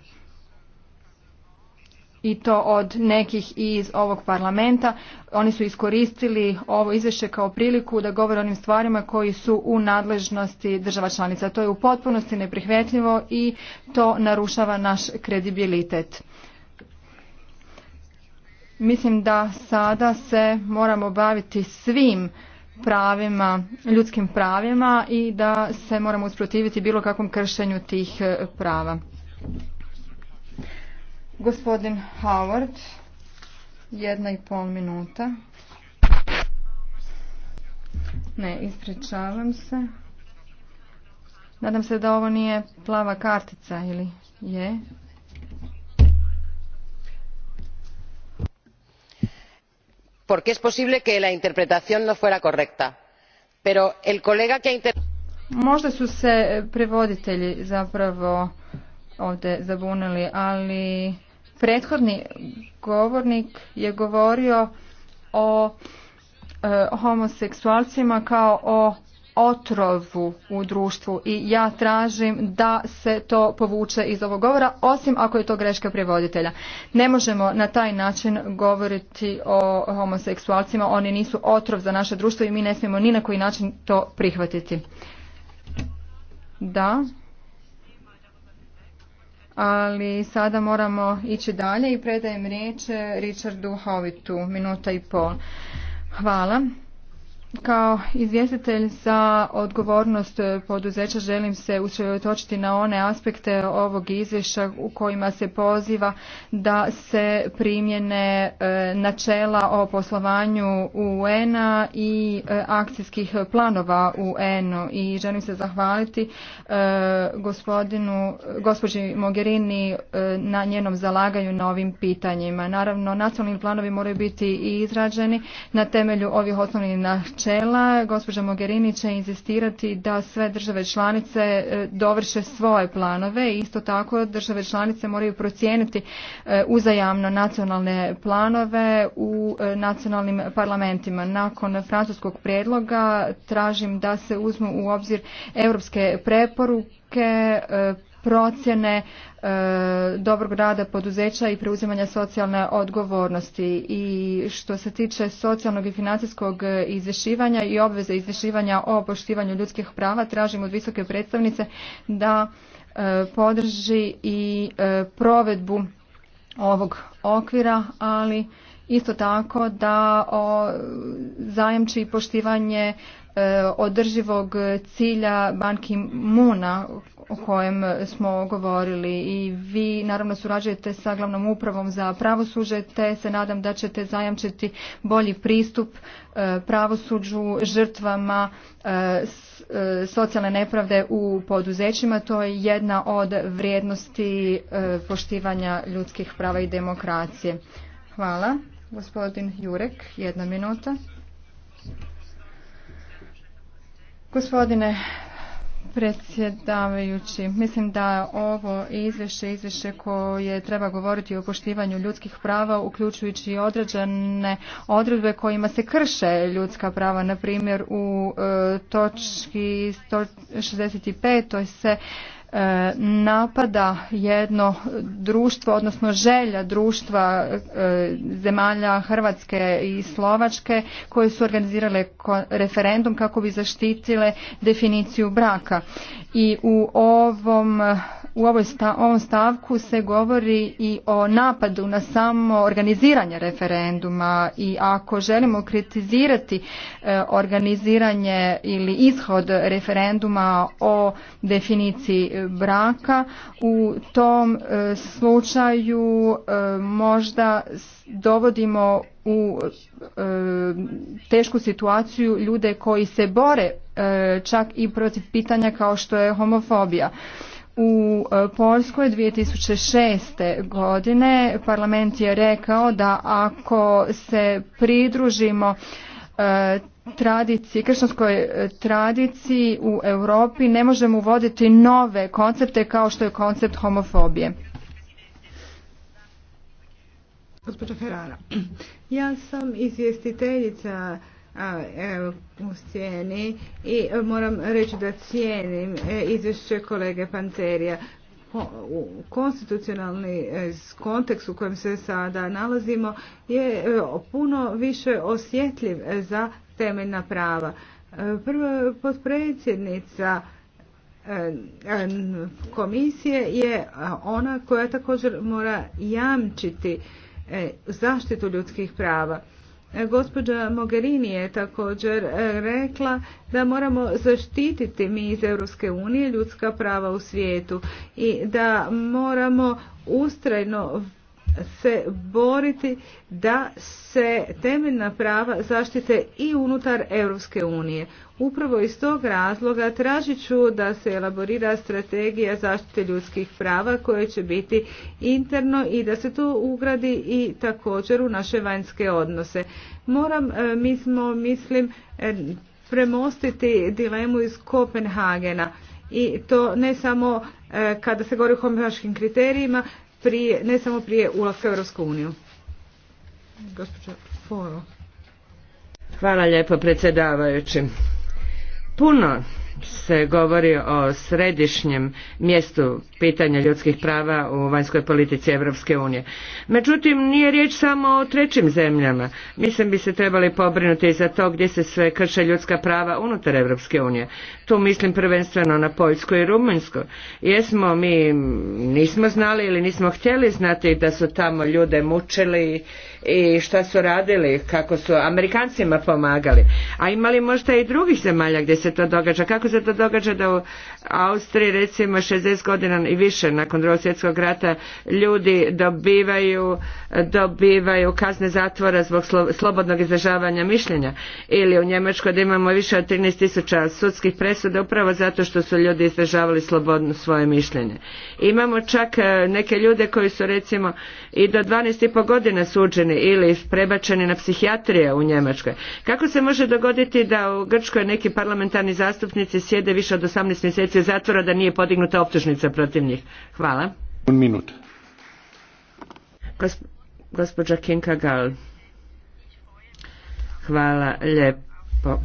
i to od nekih iz ovog parlamenta. Oni su iskoristili ovo izvješće kao priliku da govore onim stvarima koji su u nadležnosti država članica. To je u potpunosti neprihvetljivo i to narušava naš kredibilitet. Mislim da sada se moramo baviti svim pravima, ljudskim pravima i da se moramo usprotiviti bilo kakvom kršenju tih prava. Gospodin Howard, jedna i pol minuta. Ne, ispričavam se. Nadam se da ovo nije plava kartica ili je. Porque es posible que la interpretación no fuera correcta. Pero el colega que inter... Možda su se prevoditelji zapravo ovdje zabunili, ali Prethodni govornik je govorio e, o homoseksualcima kao o otrovu u društvu i ja tražim da se to povuče iz ovog govora, osim ako je to greška prevoditelja. Ne možemo na taj način govoriti o homoseksualcima, oni nisu otrov za naše društvo i mi ne smijemo ni na koji način to prihvatiti. Da ali sada moramo ići dalje i predajem riječ Richardu Hovitu, minuta i pol. Hvala kao izvjestitelj za odgovornost poduzeća želim se usredotočiti na one aspekte ovog izvješća u kojima se poziva da se primjene e, načela o poslovanju UN-a i e, akcijskih planova UN-u i želim se zahvaliti e, gospodinu, gospođi Mogherini na njenom zalaganju na ovim pitanjima. Naravno, nacionalni planovi moraju biti izrađeni na temelju ovih osnovnih načela. Gospođa Mogherini će inzistirati da sve države članice e, dovrše svoje planove. Isto tako države članice moraju procijeniti e, uzajamno nacionalne planove u e, nacionalnim parlamentima. Nakon francuskog prijedloga tražim da se uzmu u obzir europske preporuke, procjene E, dobrog rada poduzeća i preuzimanja socijalne odgovornosti i što se tiče socijalnog i financijskog izvješivanja i obveze izvješivanja o poštivanju ljudskih prava tražim od visoke predstavnice da e, podrži i e, provedbu ovog okvira, ali isto tako da zajamči poštivanje održivog cilja Banki Muna o kojem smo govorili i vi naravno surađujete sa glavnom upravom za pravosuđe te se nadam da ćete zajamčiti bolji pristup e, pravosuđu žrtvama e, e, socijalne nepravde u poduzećima. To je jedna od vrijednosti poštivanja ljudskih prava i demokracije. Hvala. Gospodin Jurek, jedna minuta. Gospodine predsjedavajući. Mislim da ovo izvješće, izvješće koje treba govoriti o poštivanju ljudskih prava, uključujući određene odredbe kojima se krše ljudska prava. Na primjer, u e, točki 165. se E, napada jedno društvo, odnosno želja društva e, zemalja Hrvatske i Slovačke koje su organizirale referendum kako bi zaštitile definiciju braka i u ovom u ovom stavku se govori i o napadu na samo organiziranje referenduma i ako želimo kritizirati e, organiziranje ili ishod referenduma o definiciji braka u tom e, slučaju e, možda dovodimo u tešku situaciju ljude koji se bore E, čak i protiv pitanja kao što je homofobija. U e, Poljskoj 2006. godine parlament je rekao da ako se pridružimo e, tradiciji, kršćanskoj tradiciji u Europi ne možemo uvoditi nove koncepte kao što je koncept homofobije. Gospođa Ferrara, ja sam izvjestiteljica u cijeni i e, moram reći da cijenim e, izvješće kolege Panterija. Konstitucionalni e, kontekst u kojem se sada nalazimo je puno više osjetljiv za temeljna prava. Prva potpredsjednica komisije je ona koja također mora jamčiti zaštitu ljudskih prava. E, gospođa Mogherini je također e, rekla da moramo zaštititi mi iz Europske unije ljudska prava u svijetu i da moramo ustrajno se boriti da se temeljna prava zaštite i unutar Europske unije. Upravo iz tog razloga tražit ću da se elaborira strategija zaštite ljudskih prava koja će biti interno i da se to ugradi i također u naše vanjske odnose. Moram, e, mi smo, mislim, e, premostiti dilemu iz Kopenhagena i to ne samo e, kada se govori o homeoškim kriterijima, prije, ne samo prije ulaska u Europsku uniju. Gospođa Foro. Hvala lijepo predsjedavajući. Puno se govori o središnjem mjestu pitanja ljudskih prava u vanjskoj politici Europske unije. Međutim, nije riječ samo o trećim zemljama. Mislim bi se trebali pobrinuti za to gdje se sve krše ljudska prava unutar Europske unije. Tu mislim prvenstveno na Poljsku i Rumunjsku. Jesmo mi nismo znali ili nismo htjeli znati da su tamo ljude mučili i šta su radili, kako su Amerikancima pomagali. A imali možda i drugih zemalja gdje se to događa. Kako se to događa da u Austriji recimo 60 godina i više nakon drugog svjetskog rata ljudi dobivaju, dobivaju kazne zatvora zbog slobodnog izražavanja mišljenja ili u Njemačkoj da imamo više od 13 tisuća sudskih presuda upravo zato što su ljudi izražavali slobodno svoje mišljenje. Imamo čak e, neke ljude koji su recimo i do 12,5 godina suđeni ili prebačeni na psihijatrije u Njemačkoj. Kako se može dogoditi da u Grčkoj neki parlamentarni zastupnici sjede više od 18 mjeseci mjeseci zatvora da nije podignuta optužnica protiv njih. Hvala. Un minut. gospođa Kinka Gal. Hvala lijepo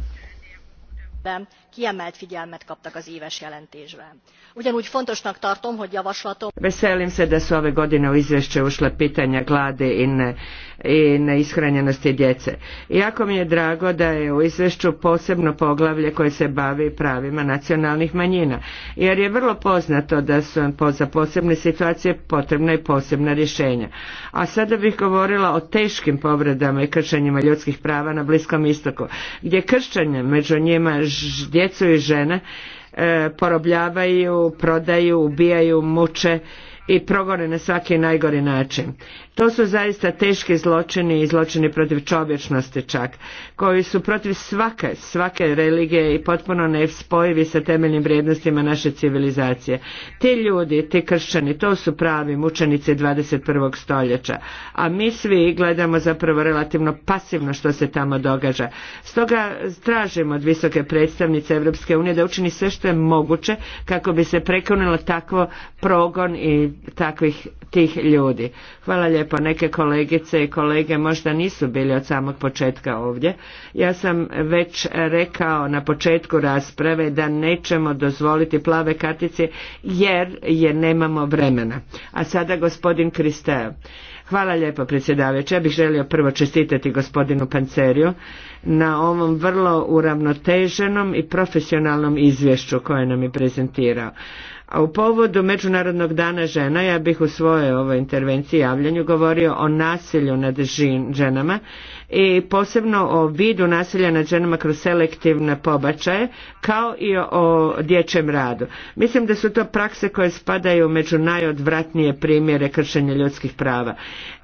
tekintetben kiemelt figyelmet kaptak az éves jelentésben. Ugyanúgy fontosnak tartom, hogy javaslatom... Veselim se da su ove godine u izvješće ušle pitanja glade i, neishranjenosti djece. Jako mi je drago da je u izvješću posebno poglavlje koje se bavi pravima nacionalnih manjina, jer je vrlo poznato da su za posebne situacije potrebna i posebna rješenja. A sada bih govorila o teškim povredama i kršenjima ljudskih prava na Bliskom istoku, gdje kršćanje među njima djecu i žene e, porobljavaju, prodaju, ubijaju, muče i progone na svaki najgori način. To su zaista teški zločini i zločini protiv čovječnosti čak, koji su protiv svake, svake religije i potpuno spojivi sa temeljnim vrijednostima naše civilizacije. Ti ljudi, ti kršćani, to su pravi mučenici 21. stoljeća, a mi svi gledamo zapravo relativno pasivno što se tamo događa. Stoga tražimo od visoke predstavnice Europske unije da učini sve što je moguće kako bi se prekonilo takvo progon i takvih tih ljudi. Hvala lijepo Lijepo, neke kolegice i kolege možda nisu bili od samog početka ovdje. Ja sam već rekao na početku rasprave da nećemo dozvoliti plave kartice jer je nemamo vremena. A sada gospodin Kristeo. Hvala lijepo predsjedavajući. Ja bih želio prvo čestitati gospodinu Panceriju na ovom vrlo uravnoteženom i profesionalnom izvješću koje nam je prezentirao. A u povodu Međunarodnog dana žena ja bih u svojoj ovoj intervenciji javljanju govorio o nasilju nad ženama i posebno o vidu nasilja nad ženama kroz selektivne pobačaje kao i o dječjem radu. Mislim da su to prakse koje spadaju među najodvratnije primjere kršenja ljudskih prava.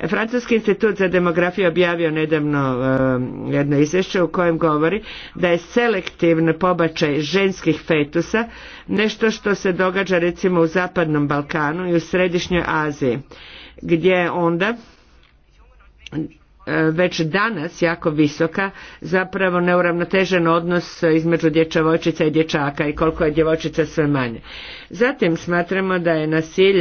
Francuski institut za demografiju objavio nedavno um, jedno izvješće u kojem govori da je selektivni pobačaj ženskih fetusa nešto što se događa recimo u zapadnom Balkanu i u središnjoj Aziji gdje onda E, već danas jako visoka zapravo neuravnotežen odnos između dječavojčica i dječaka i koliko je djevojčica sve manje. Zatim smatramo da je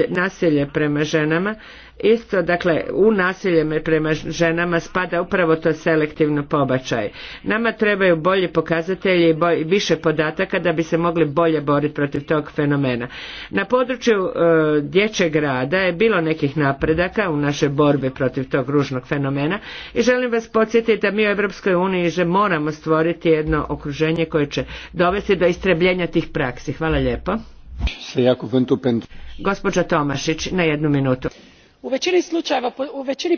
nasilje prema ženama isto dakle u nasilje prema ženama spada upravo to selektivno pobačaj. Nama trebaju bolji pokazatelji i više podataka da bi se mogli bolje boriti protiv tog fenomena. Na području e, dječjeg rada je bilo nekih napredaka u našoj borbi protiv tog ružnog fenomena i želim vas podsjetiti da mi u Europskoj uniji moramo stvoriti jedno okruženje koje će dovesti do istrebljenja tih praksi. Hvala lijepo. Gospođa Tomašić, na jednu minutu u većini slučajeva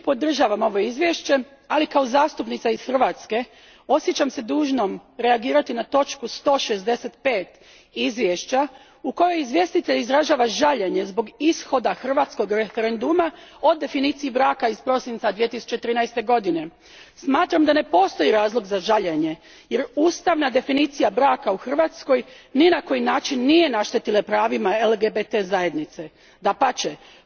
podržavam ovo izvješće ali kao zastupnica iz hrvatske osjećam se dužnom reagirati na točku. one hundred and sixty five izvješća u kojoj izvjestitelj izražava žaljenje zbog ishoda hrvatskog referenduma o definiciji braka iz prosinca. two thousand and thirteen godine smatram da ne postoji razlog za žaljenje jer ustavna definicija braka u hrvatskoj ni na koji način nije naštetila pravima lgbt zajednice. dapače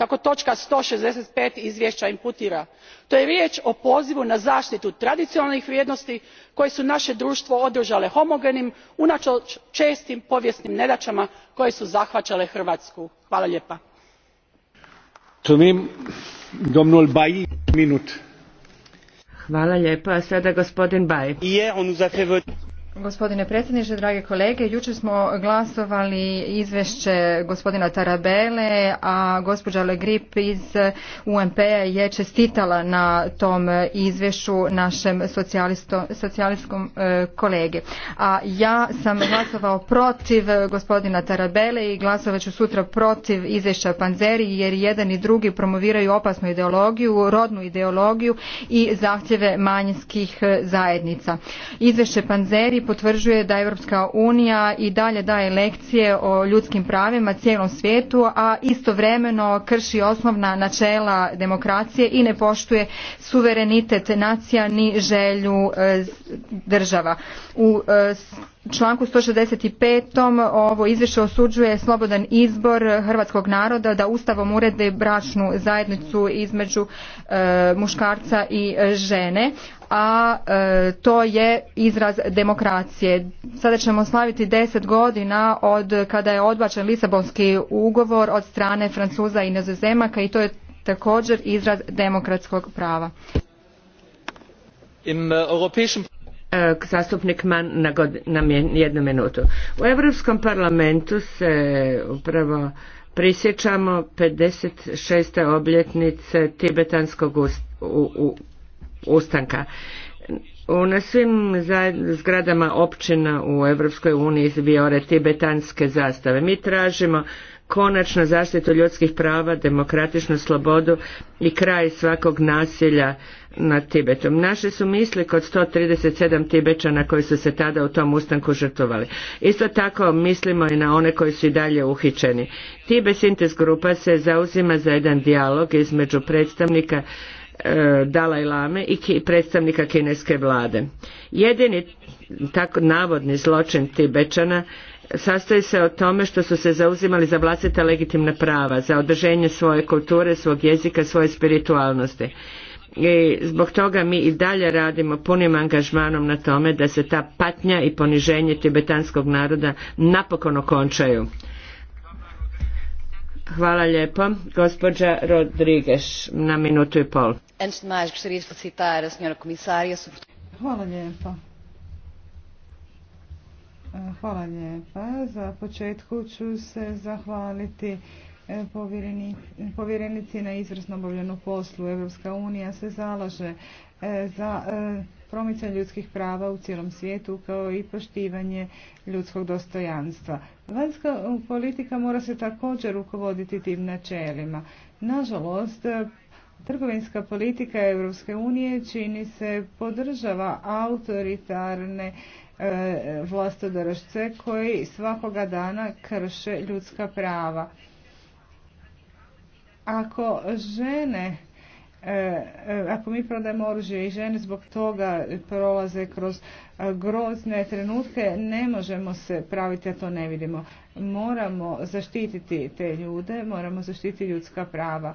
kako točka. one hundred and sixty five izvješća imputira to je riječ o pozivu na zaštitu tradicionalnih vrijednosti koje su naše društvo održale homogenim unatoč čestim povijesnim nedaćama koje su zahvaćale hrvatsku. Gospodine predsjedniče, drage kolege, jučer smo glasovali izvješće gospodina Tarabele, a gospođa Le Grip iz UMP-a je čestitala na tom izvješću našem socijalistkom e, kolege. A ja sam glasovao protiv gospodina Tarabele i glasovat ću sutra protiv izvješća Panzeri jer jedan i drugi promoviraju opasnu ideologiju, rodnu ideologiju i zahtjeve manjinskih e, zajednica. Izvješće Panzeri potvrđuje da Europska unija i dalje daje lekcije o ljudskim pravima cijelom svijetu, a istovremeno krši osnovna načela demokracije i ne poštuje suverenitet nacija ni želju e, država. U e, članku 165. ovo izvješće osuđuje slobodan izbor hrvatskog naroda da ustavom urede bračnu zajednicu između e, muškarca i žene, a e, to je izraz demokracije. Sada ćemo slaviti deset godina od kada je odbačen Lisabonski ugovor od strane Francuza i Nizozemaka i to je također izraz demokratskog prava. Im e, e, zastupnik Man na, jednu minutu. U Europskom parlamentu se upravo prisjećamo 56. obljetnice tibetanskog u, u, ustanka. U na svim zgradama općina u Europskoj uniji tibetanske zastave. Mi tražimo konačno zaštitu ljudskih prava, demokratičnu slobodu i kraj svakog nasilja nad Tibetom. Naše su misli kod 137 Tibećana koji su se tada u tom ustanku žrtvovali. Isto tako mislimo i na one koji su i dalje uhičeni. Tibet Sintes grupa se zauzima za jedan dijalog između predstavnika E, Dalaj Lame i predstavnika kineske vlade. Jedini tako navodni zločin Tibečana sastoji se o tome što su se zauzimali za vlastita legitimna prava, za održenje svoje kulture, svog jezika, svoje spiritualnosti. I zbog toga mi i dalje radimo punim angažmanom na tome da se ta patnja i poniženje tibetanskog naroda napokon okončaju. Hvala lijepo. Gospođa Rodriguez na minutu i pol. Antes de Hvala lijepa. Za početku ću se zahvaliti e, povjerenici na izvrsno obavljenu poslu. Evropska unija se zalaže e, za e, promicanje ljudskih prava u cijelom svijetu kao i poštivanje ljudskog dostojanstva. Vanjska politika mora se također rukovoditi tim načelima. Nažalost, Trgovinska politika Europske unije čini se podržava autoritarne e, koji svakoga dana krše ljudska prava. Ako žene e, e, ako mi prodajemo oružje i žene zbog toga prolaze kroz e, grozne trenutke, ne možemo se praviti, a to ne vidimo. Moramo zaštititi te ljude, moramo zaštititi ljudska prava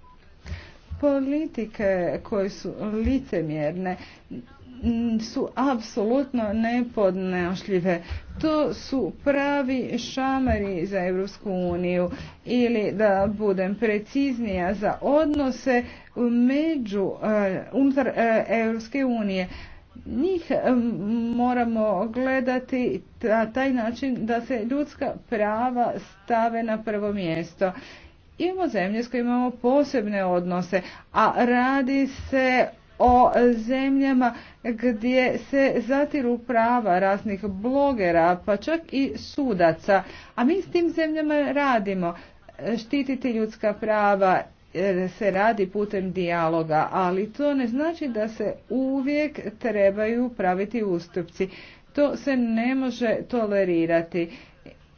Politike koje su licemjerne su apsolutno nepodnošljive. To su pravi šamari za Europsku uniju ili da budem preciznija za odnose među e, e, unije. Njih e, moramo gledati na taj način da se ljudska prava stave na prvo mjesto Imamo zemlje s kojima imamo posebne odnose, a radi se o zemljama gdje se zatiru prava raznih blogera, pa čak i sudaca. A mi s tim zemljama radimo. Štititi ljudska prava e, se radi putem dijaloga, ali to ne znači da se uvijek trebaju praviti ustupci. To se ne može tolerirati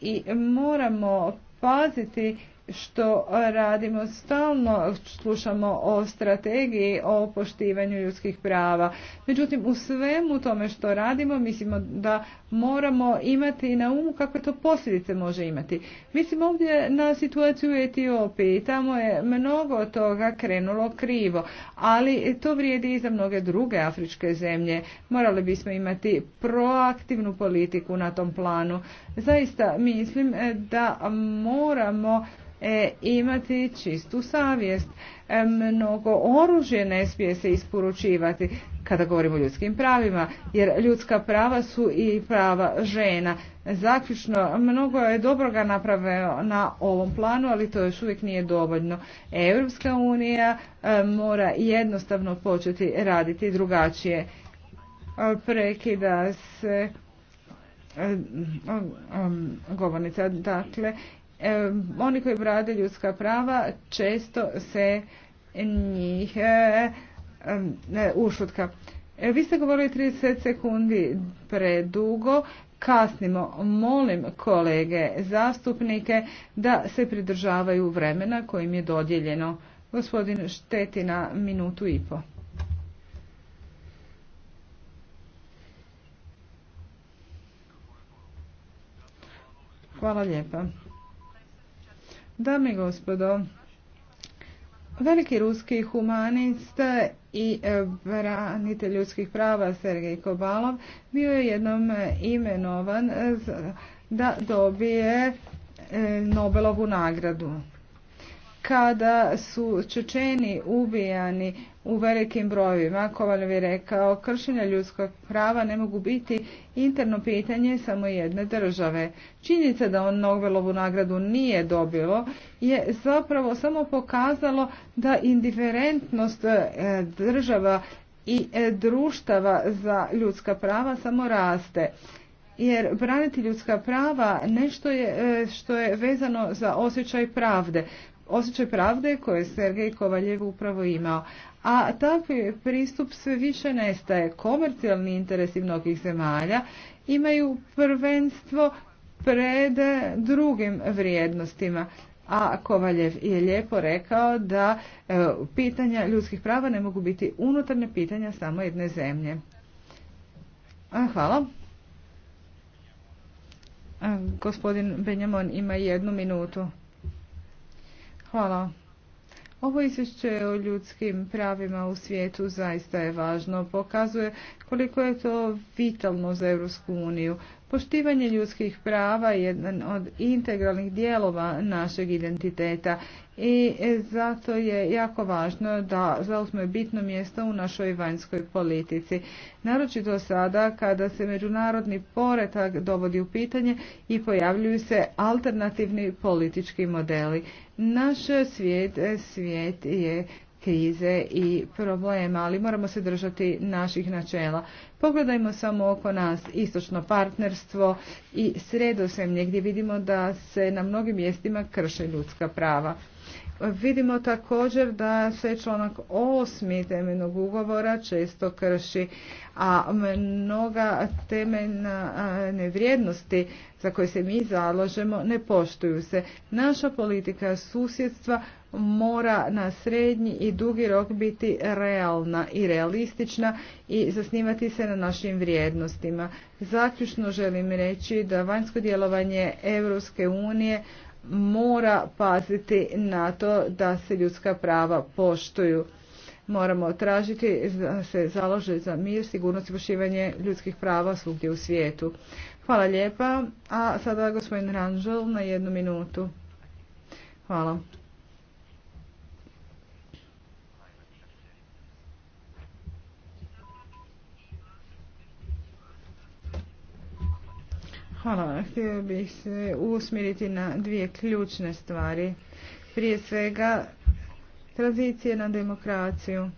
i moramo paziti što radimo stalno, slušamo o strategiji, o poštivanju ljudskih prava. Međutim, u svemu tome što radimo, mislimo da moramo imati na umu kakve to posljedice može imati. Mislim ovdje na situaciju u Etiopiji. Tamo je mnogo toga krenulo krivo, ali to vrijedi i za mnoge druge afričke zemlje. Morali bismo imati proaktivnu politiku na tom planu. Zaista mislim e, da moramo E, imati čistu savjest. E, mnogo oružje ne smije se isporučivati kada govorimo o ljudskim pravima, jer ljudska prava su i prava žena. Zaključno, mnogo je dobroga napravio na ovom planu, ali to još uvijek nije dovoljno. Europska unija e, mora jednostavno početi raditi drugačije. Prekida se govornica. Dakle, oni koji brade ljudska prava često se njih e, ušutka. E, vi ste govorili 30 sekundi predugo, kasnimo. Molim kolege zastupnike da se pridržavaju vremena kojim je dodjeljeno. Gospodin Štetina, minutu i po. Hvala lijepa. Dame i gospodo, veliki ruski humanist i e, branitelj ljudskih prava Sergej Kobalov bio je jednom imenovan da dobije e, Nobelovu nagradu kada su Čečeni ubijani u velikim brojevima. Kovaljov je rekao, kršenja ljudskog prava ne mogu biti interno pitanje samo jedne države. Činjenica da on Nobelovu nagradu nije dobilo je zapravo samo pokazalo da indiferentnost e, država i e, društava za ljudska prava samo raste jer braniti ljudska prava nešto je e, što je vezano za osjećaj pravde osjećaj pravde koje je Sergej Kovaljev upravo imao. A takvi pristup sve više nestaje. Komercijalni interesi mnogih zemalja imaju prvenstvo pred drugim vrijednostima. A Kovaljev je lijepo rekao da e, pitanja ljudskih prava ne mogu biti unutarnja pitanja samo jedne zemlje. hvala. gospodin Benjamon ima jednu minutu. Hvala. Ovo izvješće o ljudskim pravima u svijetu zaista je važno. Pokazuje koliko je to vitalno za Europsku uniju. Poštivanje ljudskih prava je jedan od integralnih dijelova našeg identiteta i zato je jako važno da je bitno mjesto u našoj vanjskoj politici. Naročito sada kada se međunarodni poretak dovodi u pitanje i pojavljuju se alternativni politički modeli. Naš svijet, svijet je krize i problema, ali moramo se držati naših načela. Pogledajmo samo oko nas istočno partnerstvo i sredosemlje gdje vidimo da se na mnogim mjestima krše ljudska prava. Vidimo također da se članak 8. temeljnog ugovora često krši, a mnoga temeljne nevrijednosti za koje se mi zalažemo ne poštuju se. Naša politika susjedstva mora na srednji i dugi rok biti realna i realistična i zasnivati se na našim vrijednostima. Zaključno želim reći da vanjsko djelovanje Europske unije mora paziti na to da se ljudska prava poštuju. Moramo tražiti da se založe za mir, sigurnost i poštivanje ljudskih prava svugdje u svijetu. Hvala lijepa. A sada gospodin Ranžel na jednu minutu. Hvala. Hvala. Htio bih se usmjeriti na dvije ključne stvari. Prije svega, tranzicije na demokraciju.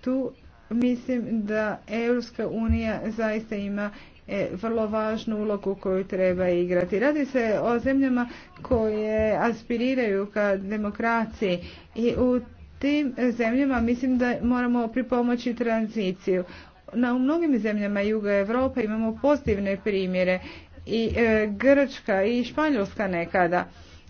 Tu mislim da Europska unija zaista ima e, vrlo važnu ulogu koju treba igrati. Radi se o zemljama koje aspiriraju ka demokraciji i u tim zemljama mislim da moramo pripomoći tranziciju. Na, u mnogim zemljama Juga Europe imamo pozitivne primjere i e, Grčka i Španjolska nekada.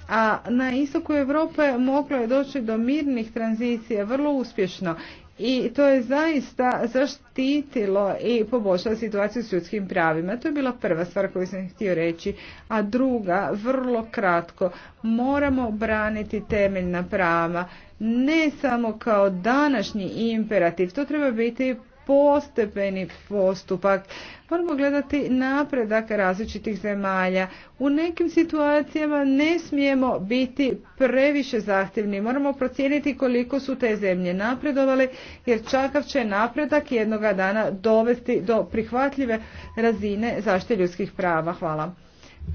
A na istoku Europe moglo je doći do mirnih tranzicija vrlo uspješno i to je zaista zaštitilo i poboljšalo situaciju s ljudskim pravima. To je bila prva stvar koju sam htio reći. A druga, vrlo kratko, moramo braniti temeljna prava. Ne samo kao današnji imperativ, to treba biti postepeni postupak. Moramo gledati napredak različitih zemalja. U nekim situacijama ne smijemo biti previše zahtjevni. Moramo procijeniti koliko su te zemlje napredovale jer čakav će napredak jednoga dana dovesti do prihvatljive razine zaštite ljudskih prava. Hvala.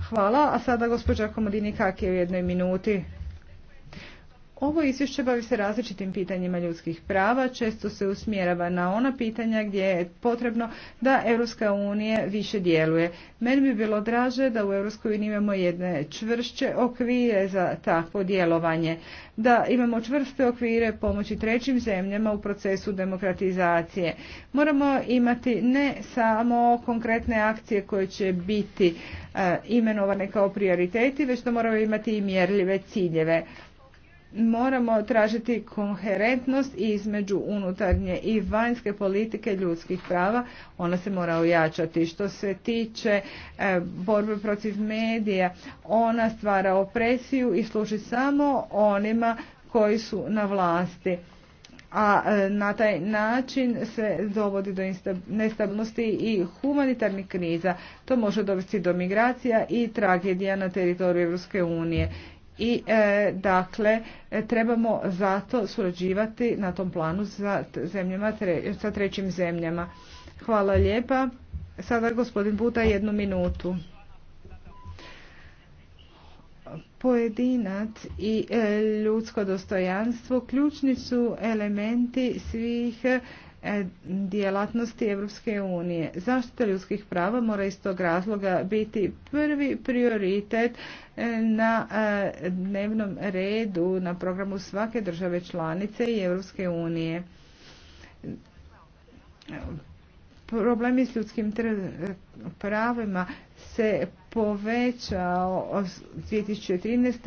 Hvala, a sada gospođa Komodini je u jednoj minuti. Ovo izvješće bavi se različitim pitanjima ljudskih prava, često se usmjerava na ona pitanja gdje je potrebno da Europska unija više djeluje. Meni bi bilo draže da u Europskoj imamo jedne čvršće okvire za takvo djelovanje, da imamo čvrste okvire pomoći trećim zemljama u procesu demokratizacije. Moramo imati ne samo konkretne akcije koje će biti e, imenovane kao prioriteti, već da moramo imati i mjerljive ciljeve moramo tražiti koherentnost između unutarnje i vanjske politike ljudskih prava. Ona se mora ojačati. Što se tiče e, borbe protiv medija, ona stvara opresiju i služi samo onima koji su na vlasti. A e, na taj način se dovodi do nestabilnosti i humanitarnih kriza. To može dovesti do migracija i tragedija na teritoriju eu unije i e, dakle trebamo zato surađivati na tom planu sa, zemljama, trećim zemljama. Hvala lijepa. Sada gospodin Buda jednu minutu. Pojedinac i e, ljudsko dostojanstvo ključni su elementi svih E, djelatnosti Europske unije. Zaštita ljudskih prava mora iz tog razloga biti prvi prioritet e, na e, dnevnom redu na programu svake države članice i Europske unije. Problemi s ljudskim pravima se povećao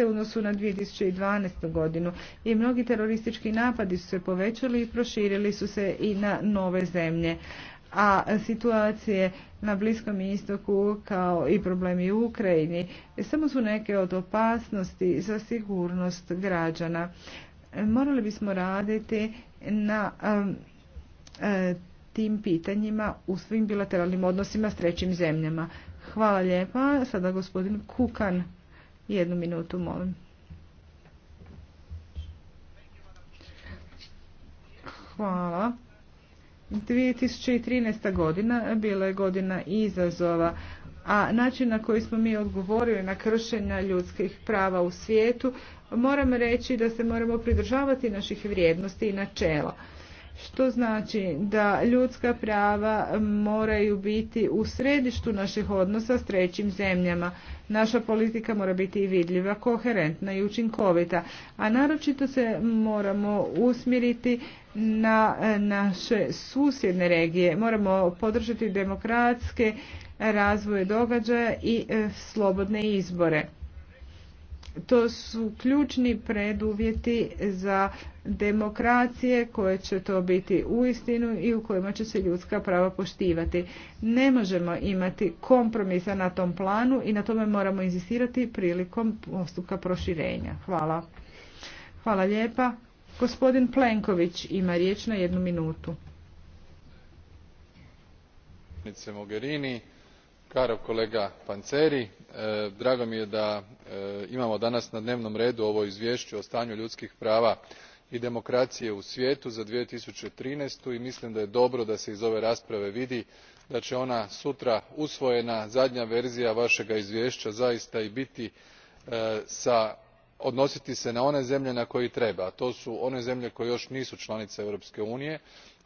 u odnosu na 2012. godinu i mnogi teroristički napadi su se povećali i proširili su se i na nove zemlje. A situacije na Bliskom istoku kao i problemi u Ukrajini samo su neke od opasnosti za sigurnost građana. Morali bismo raditi na e, tim pitanjima u svim bilateralnim odnosima s trećim zemljama. Hvala lijepa. Sada gospodin Kukan. Jednu minutu, molim. Hvala. 2013. godina bila je godina izazova, a način na koji smo mi odgovorili na kršenja ljudskih prava u svijetu, moram reći da se moramo pridržavati naših vrijednosti i načela što znači da ljudska prava moraju biti u središtu naših odnosa s trećim zemljama. Naša politika mora biti vidljiva, koherentna i učinkovita, a naročito se moramo usmjeriti na e, naše susjedne regije. Moramo podržati demokratske razvoje događaja i e, slobodne izbore. To su ključni preduvjeti za demokracije koje će to biti uistinu i u kojima će se ljudska prava poštivati. Ne možemo imati kompromisa na tom planu i na tome moramo inzistirati prilikom postupka proširenja. Hvala. Hvala lijepa. Gospodin Plenković ima riječ na jednu minutu. Mogherini, caro kolega Panceri, e, drago mi je da e, imamo danas na dnevnom redu ovo izvješće o stanju ljudskih prava i demokracije u svijetu za. two thousand and thirteen i mislim da je dobro da se iz ove rasprave vidi da e ona sutra usvojena zadnja verzija vašega izvjea zaista i biti e, odnositi se na one zemlje na koje treba a to su one zemlje koje jo nisu članice europske unije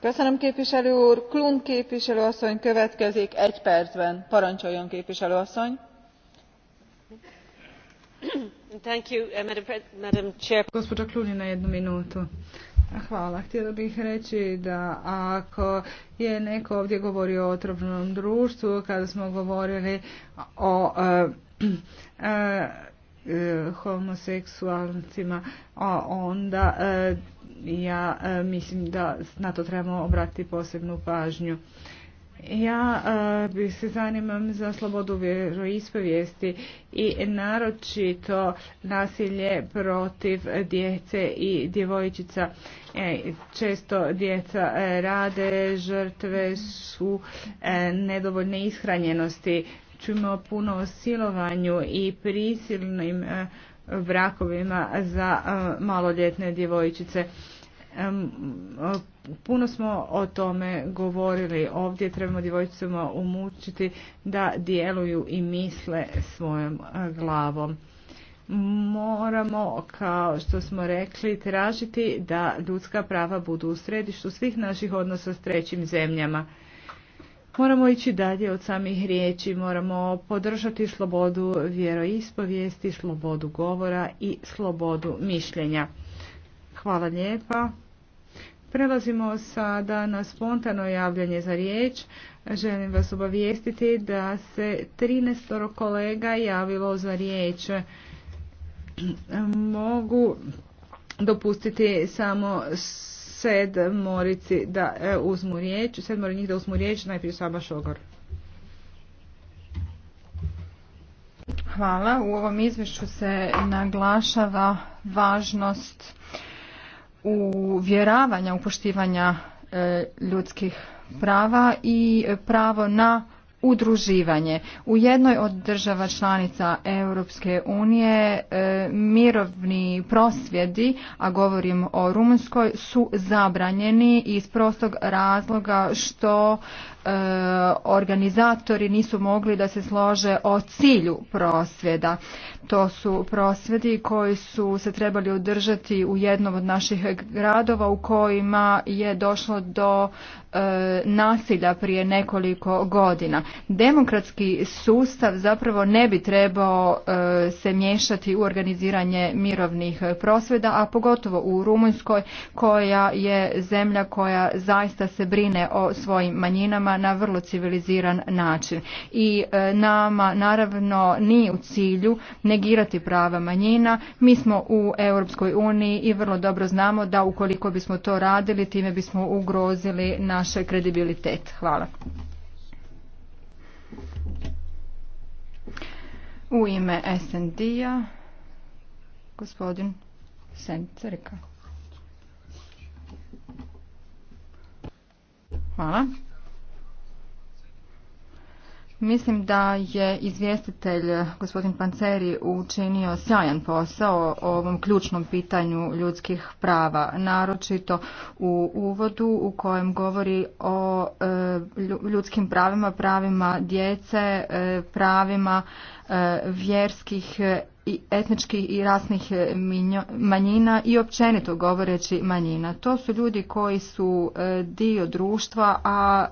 Köszönöm képviselő úr. Klun képviselő asszony következik egy percben. Parancsoljon képviselő asszony. Thank you, eh, Gospođa na jednu minutu. Hvala. Htjela bih reći da ako je neko ovdje govorio o otrovnom društvu, kada smo govorili o eh, eh, homoseksualcima, onda ja e, mislim da na to trebamo obratiti posebnu pažnju. Ja e, bi se zanimam za slobodu vjeroispovijesti i naročito nasilje protiv djece i djevojčica. E, često djeca rade, žrtve su nedovoljne ishranjenosti. Čujemo puno o silovanju i prisilnim brakovima za e, maloljetne djevojčice. E, puno smo o tome govorili ovdje, trebamo djevojčicama umučiti da djeluju i misle svojom e, glavom. Moramo, kao što smo rekli, tražiti da ljudska prava budu u središtu svih naših odnosa s trećim zemljama. Moramo ići dalje od samih riječi, moramo podržati slobodu vjeroispovijesti, slobodu govora i slobodu mišljenja. Hvala lijepa. Prelazimo sada na spontano javljanje za riječ. Želim vas obavijestiti da se 13 kolega javilo za riječ. Mogu dopustiti samo sedmorici da e, uzmu riječ, sedmori njih da uzmu riječ, najprije Saba Šogor. Hvala. U ovom izvješću se naglašava važnost uvjeravanja, upoštivanja e, ljudskih prava i pravo na udruživanje. U jednoj od država članica Europske unije e, mirovni prosvjedi, a govorim o Rumunskoj, su zabranjeni iz prostog razloga što E, organizatori nisu mogli da se slože o cilju prosvjeda. To su prosvjedi koji su se trebali održati u jednom od naših gradova u kojima je došlo do e, nasilja prije nekoliko godina. Demokratski sustav zapravo ne bi trebao e, se miješati u organiziranje mirovnih prosvjeda, a pogotovo u Rumunjskoj koja je zemlja koja zaista se brine o svojim manjinama na vrlo civiliziran način. I e, nama naravno nije u cilju negirati prava manjina. Mi smo u Europskoj uniji i vrlo dobro znamo da ukoliko bismo to radili, time bismo ugrozili naš kredibilitet. Hvala. U ime SND-a gospodin Sencerka. Hvala. Mislim da je izvjestitelj eh, gospodin Panceri učinio sjajan posao o ovom ključnom pitanju ljudskih prava, naročito u uvodu u kojem govori o eh, ljudskim pravima, pravima djece, eh, pravima vjerskih i etničkih i rasnih e, manjina i općenito govoreći manjina. To su ljudi koji su e, dio društva, a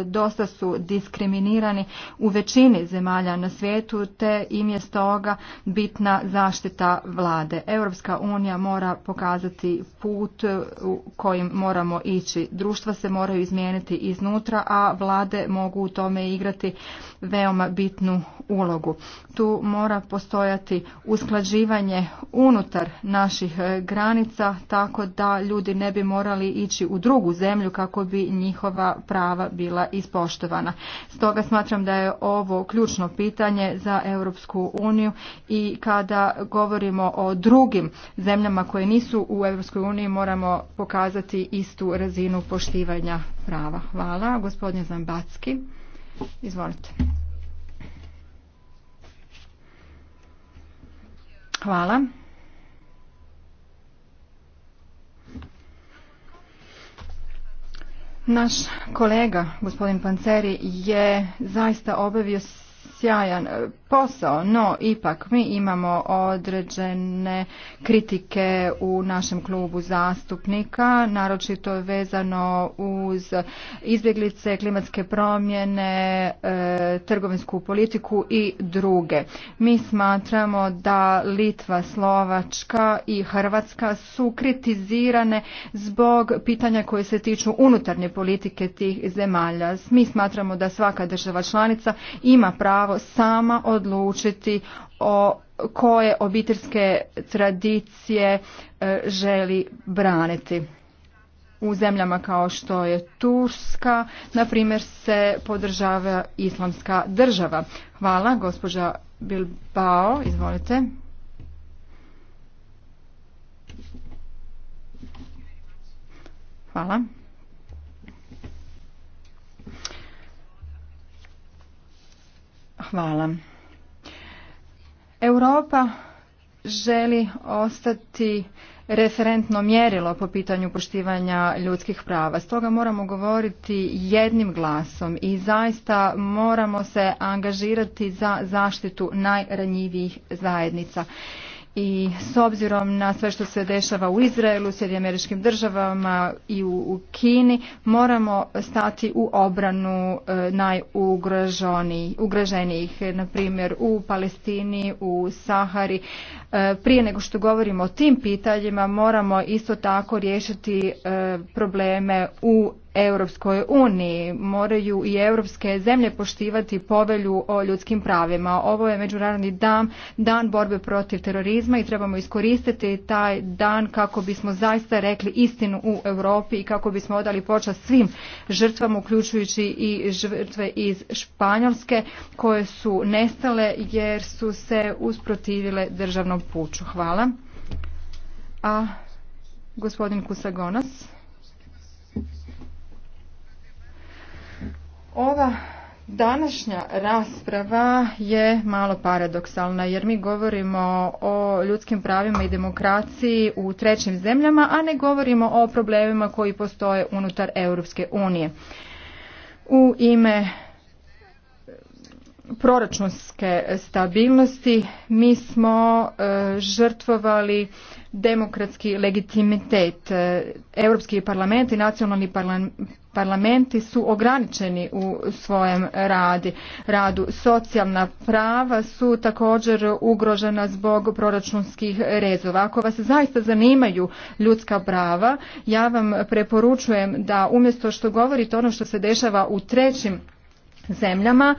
e, dosta su diskriminirani u većini zemalja na svijetu, te im je stoga bitna zaštita vlade. Europska unija mora pokazati put u kojim moramo ići. Društva se moraju izmijeniti iznutra, a vlade mogu u tome igrati veoma bitnu ulogu. Tu mora postojati usklađivanje unutar naših e, granica tako da ljudi ne bi morali ići u drugu zemlju kako bi njihova prava bila ispoštovana. Stoga smatram da je ovo ključno pitanje za Europsku uniju i kada govorimo o drugim zemljama koje nisu u Europskoj uniji moramo pokazati istu razinu poštivanja prava. Hvala. Gospodin Zambacki, izvolite. Hvala. Naš kolega, gospodin Panceri, je zaista obavio sjajan posao, no ipak mi imamo određene kritike u našem klubu zastupnika, naročito vezano uz izbjeglice, klimatske promjene, e, trgovinsku politiku i druge. Mi smatramo da Litva, Slovačka i Hrvatska su kritizirane zbog pitanja koje se tiču unutarnje politike tih zemalja. Mi smatramo da svaka država članica ima pravo sama odlučiti o koje obiteljske tradicije e, želi braniti. U zemljama kao što je Turska, na primjer, se podržava islamska država. Hvala, gospođa Bilbao, izvolite. Hvala. Hvala. Europa želi ostati referentno mjerilo po pitanju poštivanja ljudskih prava. Stoga moramo govoriti jednim glasom i zaista moramo se angažirati za zaštitu najranjivijih zajednica i s obzirom na sve što se dešava u Izraelu, u američkim državama i u, u Kini, moramo stati u obranu e, najugroženijih, na primjer u Palestini, u Sahari. E, prije nego što govorimo o tim pitanjima, moramo isto tako riješiti e, probleme u Europskoj uniji. Moraju i europske zemlje poštivati povelju o ljudskim pravima. Ovo je međunarodni dan, dan borbe protiv terorizma i trebamo iskoristiti taj dan kako bismo zaista rekli istinu u Europi i kako bismo odali počast svim žrtvama, uključujući i žrtve iz Španjolske koje su nestale jer su se usprotivile državnom puču. Hvala. A gospodin Kusagonas. Ova Današnja rasprava je malo paradoksalna jer mi govorimo o ljudskim pravima i demokraciji u trećim zemljama, a ne govorimo o problemima koji postoje unutar Europske unije. U ime proračunske stabilnosti mi smo e, žrtvovali demokratski legitimitet. E, Europski parlament i nacionalni parlament parlamenti su ograničeni u svojem radi. radu. Socijalna prava su također ugrožena zbog proračunskih rezova. Ako vas zaista zanimaju ljudska prava, ja vam preporučujem da umjesto što govorite ono što se dešava u trećim zemljama,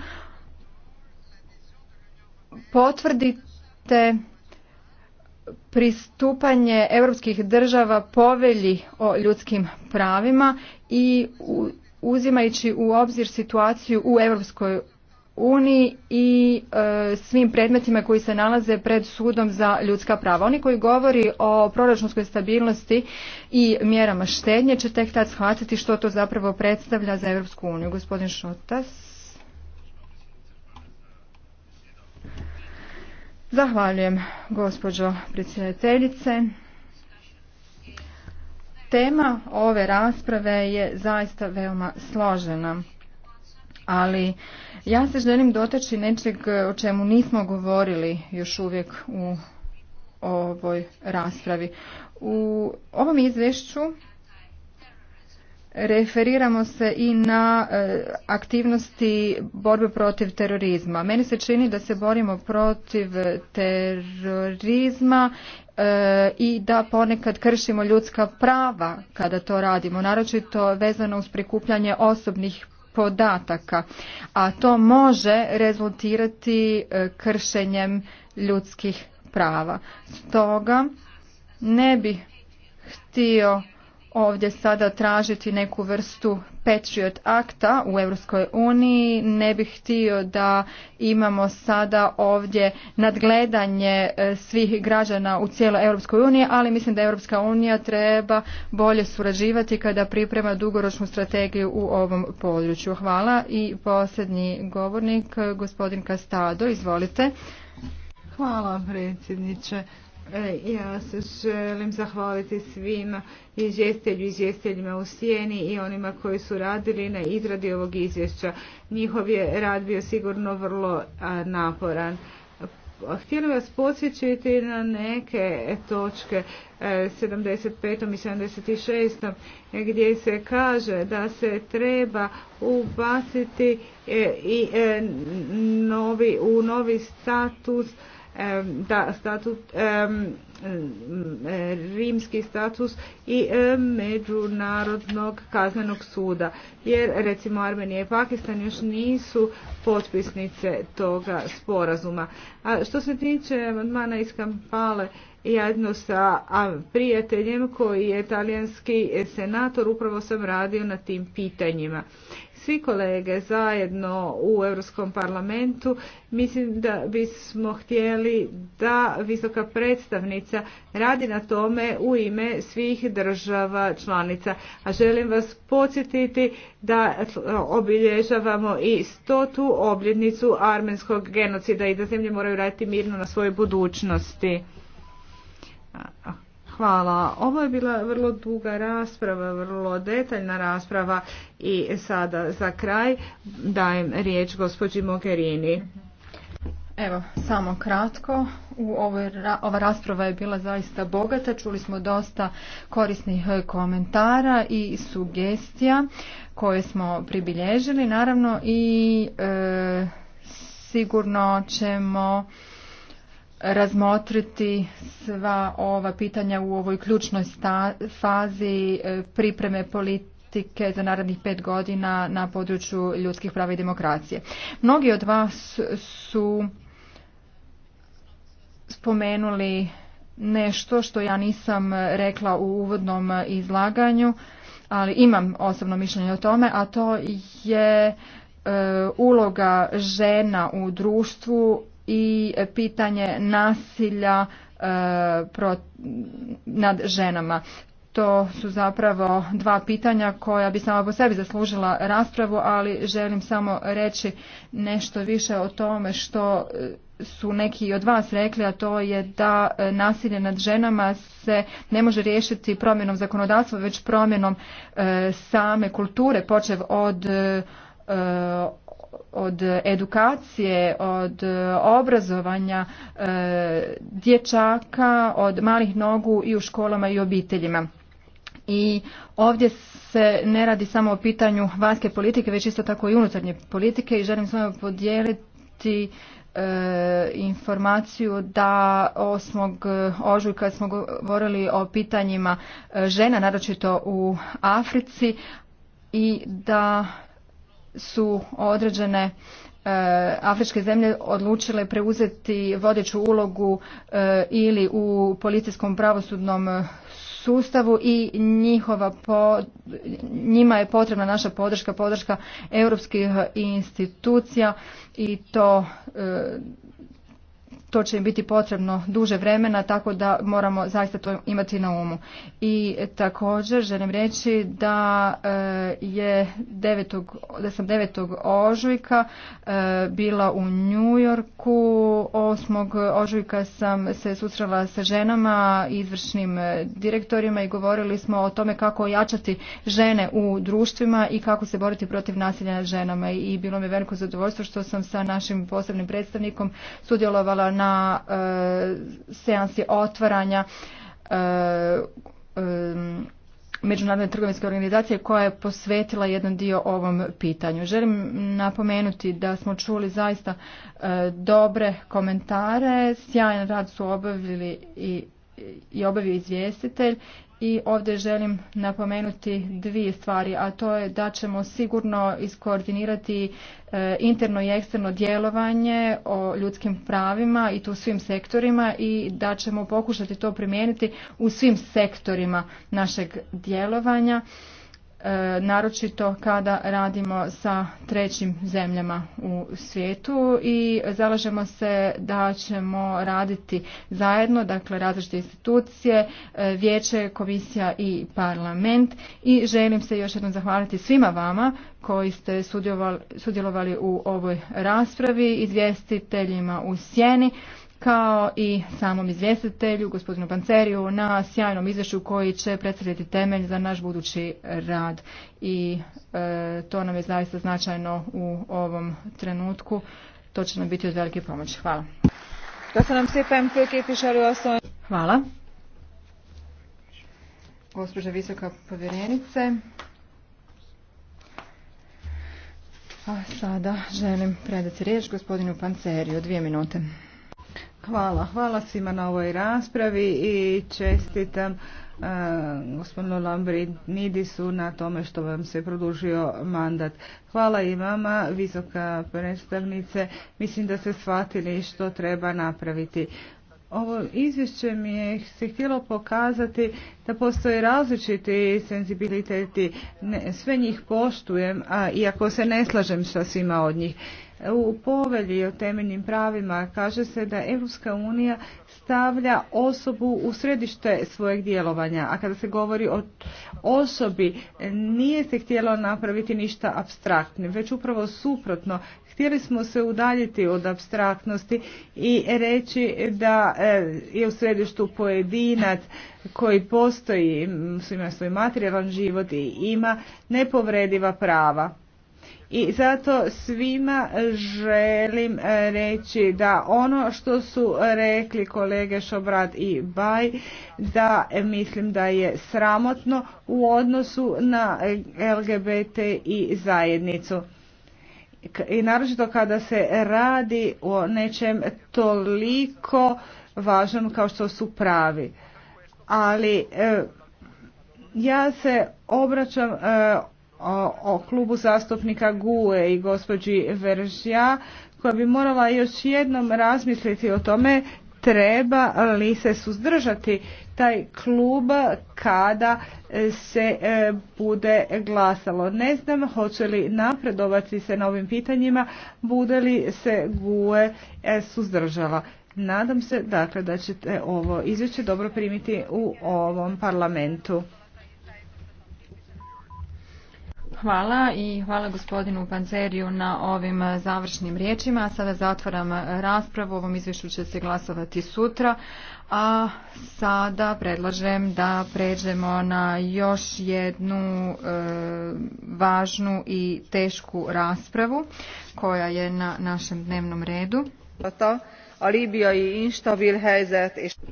potvrdite pristupanje europskih država povelji o ljudskim pravima i uzimajući u obzir situaciju u Europskoj uniji i e, svim predmetima koji se nalaze pred sudom za ljudska prava. Oni koji govori o proračunskoj stabilnosti i mjerama štednje će tek tad shvatiti što to zapravo predstavlja za Europsku uniju. Gospodin Šotas. Zahvaljujem gospođo predsjedateljice. Tema ove rasprave je zaista veoma složena, ali ja se želim dotaći nečeg o čemu nismo govorili još uvijek u ovoj raspravi. U ovom izvješću referiramo se i na e, aktivnosti borbe protiv terorizma. Meni se čini da se borimo protiv terorizma e, i da ponekad kršimo ljudska prava kada to radimo, naročito vezano uz prikupljanje osobnih podataka, a to može rezultirati e, kršenjem ljudskih prava. Stoga ne bih htio ovdje sada tražiti neku vrstu Patriot akta u Europskoj uniji. Ne bih htio da imamo sada ovdje nadgledanje e, svih građana u cijeloj Europskoj uniji, ali mislim da Europska unija treba bolje surađivati kada priprema dugoročnu strategiju u ovom području. Hvala i posljednji govornik, gospodin Kastado, izvolite. Hvala predsjedniče. E, ja se želim zahvaliti svima izvjestelju i u sjeni i onima koji su radili na izradi ovog izvješća. Njihov je rad bio sigurno vrlo naporan. Htjeli vas podsjećati na neke točke 75. E, i 76. gdje se kaže da se treba ubaciti e, i u novi status da statut, rimski status i Međunarodnog kaznenog suda. Jer recimo Armenija i Pakistan još nisu potpisnice toga sporazuma. A što se tiče amandmana iz Kampale, jedno sa prijateljem koji je talijanski senator, upravo sam radio na tim pitanjima svi kolege zajedno u Europskom parlamentu, mislim da bismo htjeli da visoka predstavnica radi na tome u ime svih država članica. A želim vas podsjetiti da obilježavamo i stotu obljednicu armenskog genocida i da zemlje moraju raditi mirno na svojoj budućnosti. Hvala. Ovo je bila vrlo duga rasprava, vrlo detaljna rasprava i sada za kraj dajem riječ gospođi Mogherini. Evo, samo kratko. U ova rasprava je bila zaista bogata. Čuli smo dosta korisnih e, komentara i sugestija koje smo pribilježili. Naravno i e, sigurno ćemo razmotriti sva ova pitanja u ovoj ključnoj fazi e, pripreme politike za narednih pet godina na području ljudskih prava i demokracije. Mnogi od vas su spomenuli nešto što ja nisam rekla u uvodnom izlaganju, ali imam osobno mišljenje o tome, a to je e, uloga žena u društvu i pitanje nasilja e, nad ženama. To su zapravo dva pitanja koja bi sama po sebi zaslužila raspravu, ali želim samo reći nešto više o tome što su neki od vas rekli, a to je da nasilje nad ženama se ne može riješiti promjenom zakonodavstva, već promjenom e, same kulture, počev od e, od edukacije, od e, obrazovanja e, dječaka, od malih nogu i u školama i obiteljima. I ovdje se ne radi samo o pitanju vanjske politike, već isto tako i unutarnje politike i želim s podijeliti e, informaciju da 8. ožujka smo govorili o pitanjima žena, naročito u Africi i da su određene e, afričke zemlje odlučile preuzeti vodeću ulogu e, ili u policijskom pravosudnom sustavu i njihova njima je potrebna naša podrška, podrška europskih institucija i to e, to će im biti potrebno duže vremena, tako da moramo zaista to imati na umu. I također želim reći da e, je 9, da sam 9. ožujka e, bila u New Yorku, 8. ožujka sam se susrela sa ženama, izvršnim e, direktorima i govorili smo o tome kako ojačati žene u društvima i kako se boriti protiv nasilja nad ženama i bilo mi veliko zadovoljstvo što sam sa našim posebnim predstavnikom sudjelovala na na e, seansi otvaranja e, e, Međunarodne trgovinske organizacije koja je posvetila jedan dio ovom pitanju. Želim napomenuti da smo čuli zaista dobre komentare, sjajan rad su obavili i i obavio izvjestitelj i ovdje želim napomenuti dvije stvari, a to je da ćemo sigurno iskoordinirati e, interno i eksterno djelovanje o ljudskim pravima i to u svim sektorima i da ćemo pokušati to primijeniti u svim sektorima našeg djelovanja. E, naročito kada radimo sa trećim zemljama u svijetu i zalažemo se da ćemo raditi zajedno, dakle različite institucije, e, vijeće, komisija i parlament i želim se još jednom zahvaliti svima vama koji ste sudjelovali u ovoj raspravi, izvjestiteljima u sjeni kao i samom izvjestitelju, gospodinu Panceriju, na sjajnom izvješću koji će predstaviti temelj za naš budući rad. I e, to nam je zaista značajno u ovom trenutku. To će nam biti od velike pomoći. Hvala. Hvala. Gospođa visoka povjerenice. A sada želim predati riječ gospodinu Panceriju. Dvije minute. Hvala, hvala svima na ovoj raspravi i čestitam e, gospodinu Lambrinidisu na tome što vam se produžio mandat. Hvala i vama, visoka predstavnice. Mislim da ste shvatili što treba napraviti. Ovo izvješće mi je se htjelo pokazati da postoje različiti senzibiliteti. sve njih poštujem, a iako se ne slažem sa svima od njih. U povelji o temeljnim pravima kaže se da Europska unija stavlja osobu u središte svojeg djelovanja, a kada se govori o osobi nije se htjelo napraviti ništa apstraktnim, već upravo suprotno. Htjeli smo se udaljiti od abstraktnosti i reći da e, je u središtu pojedinac koji postoji, ima svoj materijalan život i ima nepovrediva prava. I zato svima želim e, reći da ono što su rekli kolege Šobrat i Baj, da e, mislim da je sramotno u odnosu na e, LGBT i zajednicu. I naročito kada se radi o nečem toliko važnom kao što su pravi. Ali ja se obraćam o, o klubu zastupnika GUE i gospođi Veržja koja bi morala još jednom razmisliti o tome treba li se suzdržati taj klub kada se e, bude glasalo. Ne znam hoće li napredovati se na ovim pitanjima, bude li se GUE e, suzdržala. Nadam se dakle da ćete ovo izvješće dobro primiti u ovom parlamentu. Hvala i hvala gospodinu Panzeriju na ovim eh, završnim riječima. Sada zatvaram eh, raspravu. Ovom izvješću će se glasovati sutra. A sada predlažem da pređemo na još jednu eh, važnu i tešku raspravu koja je na našem dnevnom redu.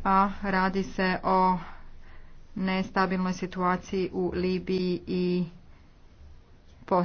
A radi se o nestabilnoj situaciji u Libiji i